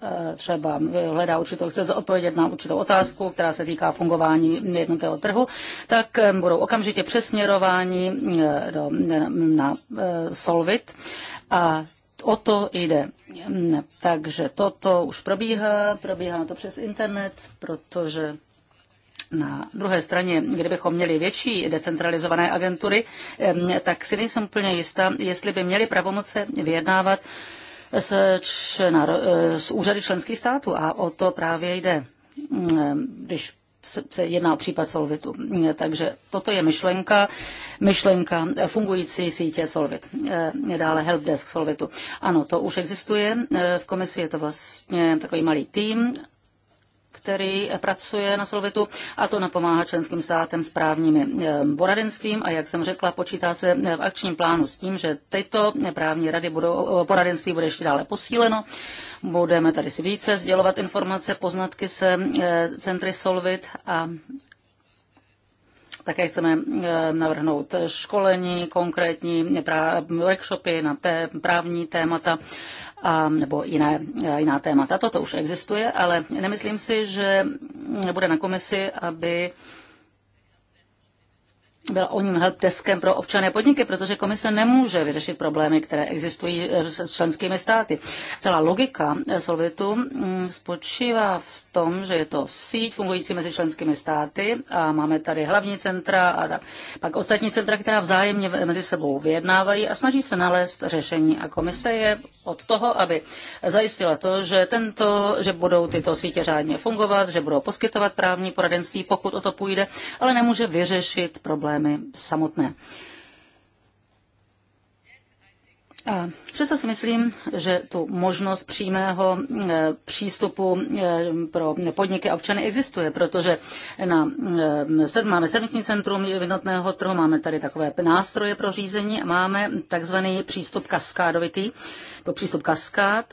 Speaker 3: e, třeba hledá určitou, chce odpovědět na určitou otázku, která se týká fungování jednotného trhu, tak budou okamžitě přesměrováni e, do, e, na Solvit a o to jde. Takže toto už probíhá, probíhá to přes internet, protože na druhé straně, kdybychom měli větší decentralizované agentury, tak si nejsem úplně jistá, jestli by měli pravomoce vyjednávat s, čna, e, s úřady členských států. A o to právě jde, když se jedná o případ Solvitu. Takže toto je myšlenka, myšlenka fungující sítě Solvit. E, dále helpdesk Solvitu. Ano, to už existuje. E, v komisi je to vlastně takový malý tým který pracuje na Solvitu a to napomáhá členským státem správními eh, poradenstvím a jak jsem řekla, počítá se eh, v akčním plánu s tím, že tyto právní rady budou, poradenství bude ještě dále posíleno. Budeme tady si více sdělovat informace, poznatky se eh, centry Solvit a také chceme navrhnout školení, konkrétní workshopy na té právní témata a, nebo jiné, eh, jiná témata. Toto už existuje, ale nemyslím si, že bude na komisi, aby byl o ním helpdeskem pro občané podniky, protože komise nemůže vyřešit problémy, které existují eh, s členskými státy. Celá logika eh, Solvitu mm, spočívá v tom, že je to síť fungující mezi členskými státy a máme tady hlavní centra a tak. pak ostatní centra, která vzájemně mezi sebou vyjednávají a snaží se nalézt řešení. A komise je od toho, aby zajistila to, že, tento, že budou tyto sítě řádně fungovat, že budou poskytovat právní poradenství, pokud o to půjde, ale nemůže vyřešit problém problémy samotné. A přesto si myslím, že tu možnost přímého e, přístupu e, pro podniky a občany existuje, protože na, e, máme servisní centrum jednotného trhu, máme tady takové nástroje pro řízení a máme takzvaný přístup kaskádovitý, to přístup kaskád.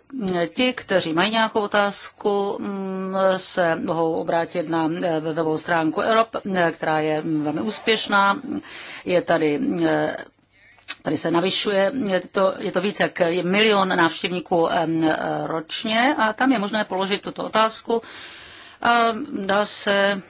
Speaker 3: Ti, kteří mají nějakou otázku, mm, se mohou obrátit na webovou stránku Europe, která je velmi úspěšná. Je tady Tady se navyšuje, je to, je to více jak milion návštěvníků e, ročně a tam je možné položit tuto otázku. dá se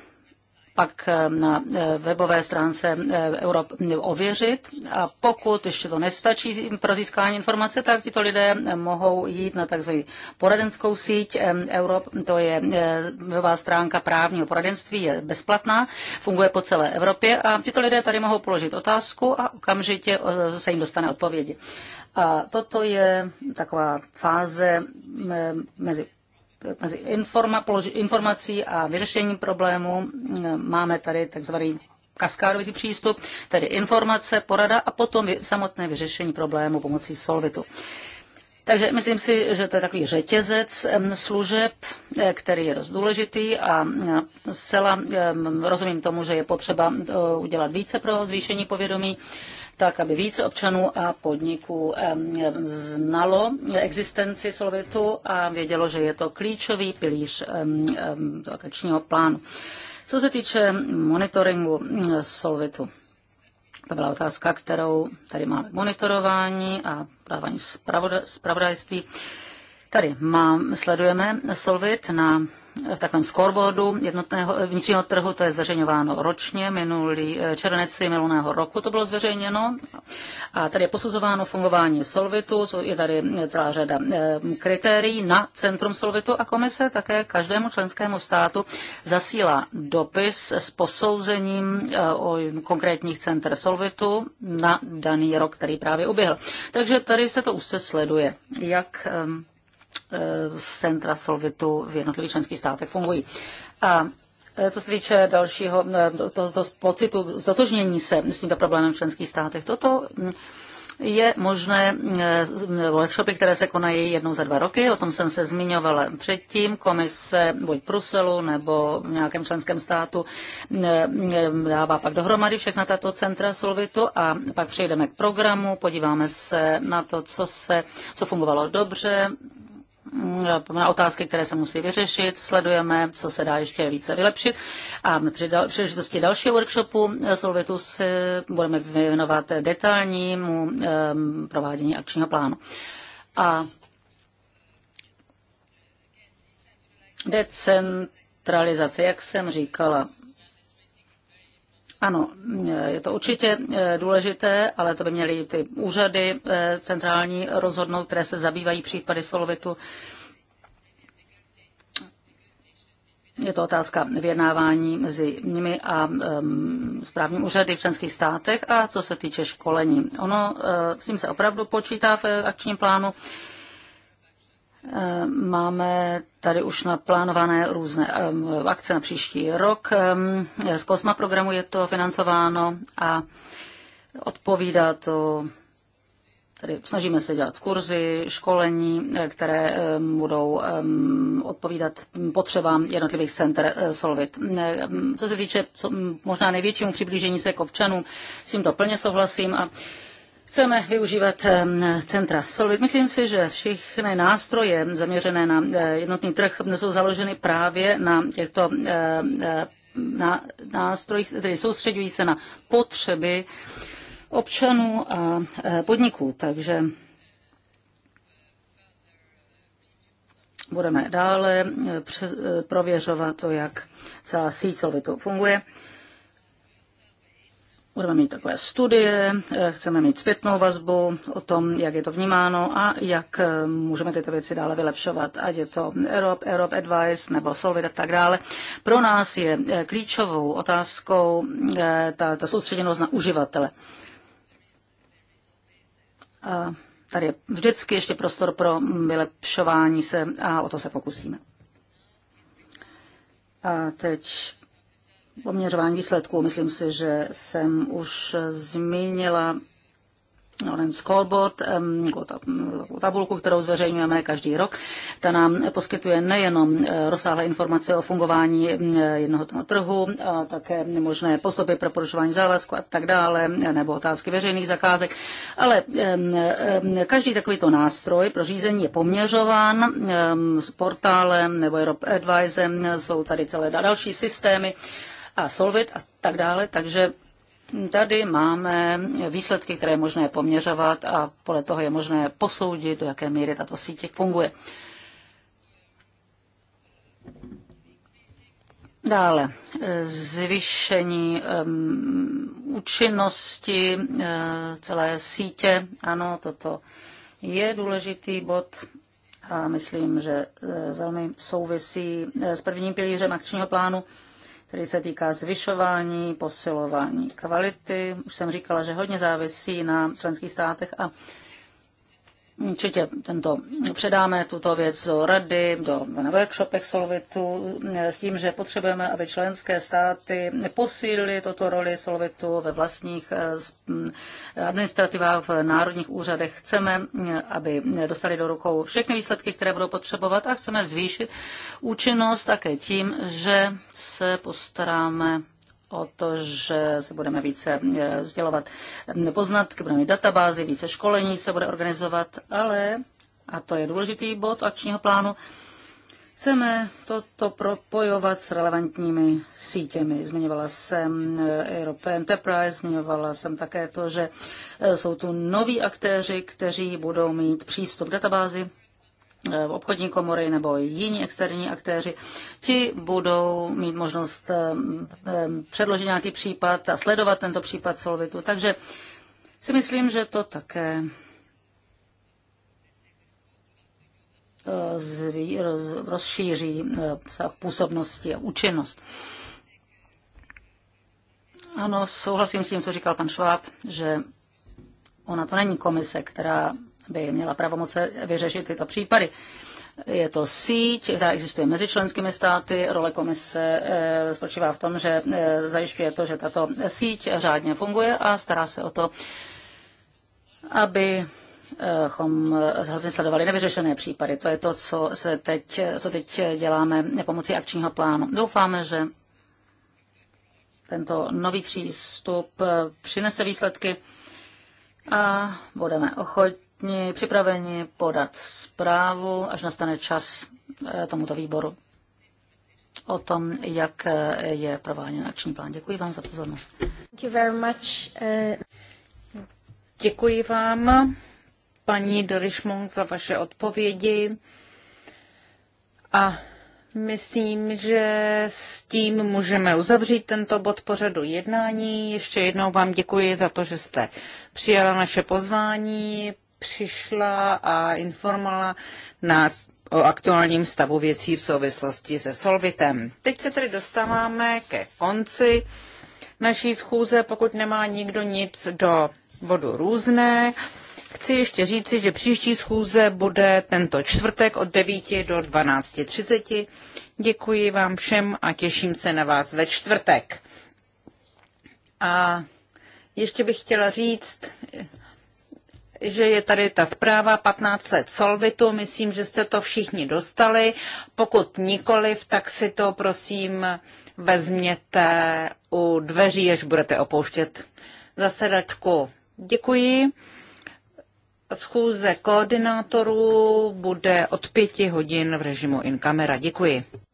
Speaker 3: pak eh, na eh, webové stránce eh, Europ ověřit. A pokud ještě to nestačí pro získání informace, tak tito lidé mohou jít na tzv. poradenskou síť Europ, to je webová stránka právního poradenství, je bezplatná, funguje po celé Evropě a tito lidé tady mohou položit otázku a okamžitě se jim dostane odpovědi. A toto je taková fáze mezi mezi informací a vyřešením problému. Eh, máme tady takzvaný kaskádový přístup, tedy informace, porada a potom samotné vyřešení problému pomocí solvitu. Takže myslím si, že to je takový řetězec služeb, eh, který je dost důležitý a eh, zcela rozumím tomu, že je potřeba udělat více pro zvýšení povědomí tak aby více občanů a podniků znalo existenci Solvitu a vědělo, že je to klíčový pilíř akčního plánu. Co se týče monitoringu mm, Solvitu, to byla otázka, kterou tady máme monitorování a právání zpravodajství. Tady mám, sledujeme Solvit na v takovém scoreboardu jednotného vnitřního trhu, to je zveřejňováno ročně, minulý eh, červenci minulého roku to bylo zveřejněno. A tady je posuzováno fungování Solvitu, je tady eh, celá řada eh, kritérií na centrum Solvitu a komise také každému členskému státu zasílá dopis s posouzením o konkrétních center Solvitu na daný rok, který právě uběhl. Takže tady se to už se sleduje, jak ehm, Eh, centra Solvitu v jednotlivých členských státech fungují. A eh, co se týče dalšího eh, to, to, pocitu zatožnění se s tímto problémem v členských státech, toto hm, je možné workshopy, které se konají jednou za dva roky, o tom jsem se zmiňovala předtím, komise buď v Bruselu nebo v nějakém členském státu hm, hm, dává pak dohromady všechna tato centra Solvitu a pak přejdeme k programu, podíváme se na to, co, se, co fungovalo dobře, Mm, na otázky, které se musí vyřešit, sledujeme, co se dá ještě více vylepšit a při dal, příležitosti dalšího workshopu eh, Solvitu se budeme věnovat detailnímu ehm, provádění akčního plánu. A decentralizace, jak jsem říkala, ano, je to určitě eh, důležité, ale to by měly ty úřady eh, centrální rozhodnout, které se zabývají případy solovitu. Je to otázka vyjednávání mezi nimi a um, správní úřady v členských státech a co se týče školení. Ono uh, s tím se opravdu počítá v akčním plánu. Uh, Eh, máme tady už naplánované různé eh, akce na příští rok. Eh, z COSMA programu je to financováno a odpovídá to tady snažíme se dělat kurzy, školení, které budou odpovídat potřebám jednotlivých center Solvit. Co se týče možná největšímu přiblížení se k občanům, s tímto plně souhlasím a Chceme využívat centra Solvit. Myslím si, že všechny nástroje zaměřené na e, jednotný trh jsou založeny právě na těchto e, nástrojích, tedy soustředují se na potřeby občanů a e, podniků. Takže budeme dále prověřovat to, jak celá síť Solvitu funguje. Budeme mít takové studie, eh, chceme mít zpětnou vazbu o tom, jak je to vnímáno a jak eh, můžeme tyto věci dále vylepšovat, ať je to Europe, Europe Advice nebo Solvit a tak dále. Pro nás je eh, klíčovou otázkou ta, ta soustředěnost na uživatele. A tady je vždycky ještě prostor pro mm, vylepšování se a o to se pokusíme. A teď poměřování výsledků. Myslím si, že jsem už zmínila onen scoreboard, tabulku, kterou zveřejňujeme každý rok. Ta nám poskytuje nejenom eh, rozsáhlé informace o fungování jednotného trhu, a také možné postupy pro porušování závazku a tak dále, nebo otázky veřejných zakázek, ale každý takovýto nástroj pro řízení je poměřován s portálem nebo Europe Advisem, jsou tady celé další systémy, a Solvit a tak dále, takže Tady máme výsledky, které je možné poměřovat a podle toho je možné posoudit, do jaké míry tato sítě funguje. Dále zvýšení um, účinnosti uh, celé sítě. Ano, toto je důležitý bod a myslím, že uh, velmi souvisí uh, s prvním pilířem akčního plánu. Uh, který se týká zvyšování, posilování kvality. Už jsem říkala, že hodně závisí na členských státech a Určitě tento, předáme tuto věc do rady, do, na workshopech Solvitu eh, s tím, že potřebujeme, aby členské státy posílily toto roli Solvitu ve vlastních eh, mm, administrativách v národních úřadech. Chceme, eh, aby dostali do rukou všechny výsledky, které budou potřebovat a chceme zvýšit účinnost také tím, že se postaráme o to, že se budeme více eh, sdělovat poznatky, budeme mít databázy, více školení se bude organizovat, ale, a to je důležitý bod akčního plánu, Chceme toto propojovat s relevantními sítěmi. Zmiňovala jsem eh, Europe Enterprise, zmiňovala jsem také to, že eh, jsou tu noví aktéři, kteří budou mít přístup k databázi, Eh, obchodní komory nebo jiní externí aktéři, ti budou mít možnost eh, eh, předložit nějaký případ a sledovat tento případ Solvitu. Takže si myslím, že to také zví, roz, rozšíří působnosti a účinnost. Ano, souhlasím s tím, co říkal pan Šváb, že ona to není komise, která by měla pravomoce vyřešit tyto případy. Je to síť, která existuje mezi členskými státy. Role komise eh, spočívá v tom, že eh, zajišťuje to, že tato síť řádně funguje a stará se o to, aby abychom eh, hlavně sledovali nevyřešené případy. To je to, co, se teď, co teď děláme pomocí akčního plánu. Doufáme, že tento nový přístup přinese výsledky a budeme ochotní schopni, připraveni podat zprávu, až nastane čas eh, tomuto výboru o tom, jak eh, je prováděn akční plán. Děkuji vám za pozornost. Thank you very much. Eh.
Speaker 1: Děkuji vám, paní Dorišmon, za vaše odpovědi. A myslím, že s tím můžeme uzavřít tento bod pořadu jednání. Ještě jednou vám děkuji za to, že jste přijala naše pozvání přišla a informovala nás o aktuálním stavu věcí v souvislosti se Solvitem. Teď se tedy dostáváme ke konci naší schůze, pokud nemá nikdo nic do bodu různé. Chci ještě říci, že příští schůze bude tento čtvrtek od 9 do 12.30. Děkuji vám všem a těším se na vás ve čtvrtek. A ještě bych chtěla říct, že je tady ta zpráva 15 let Solvitu. Myslím, že jste to všichni dostali. Pokud nikoliv, tak si to prosím vezměte u dveří, až budete opouštět zasedačku. Děkuji. Schůze koordinátorů bude od pěti hodin v režimu in camera. Děkuji.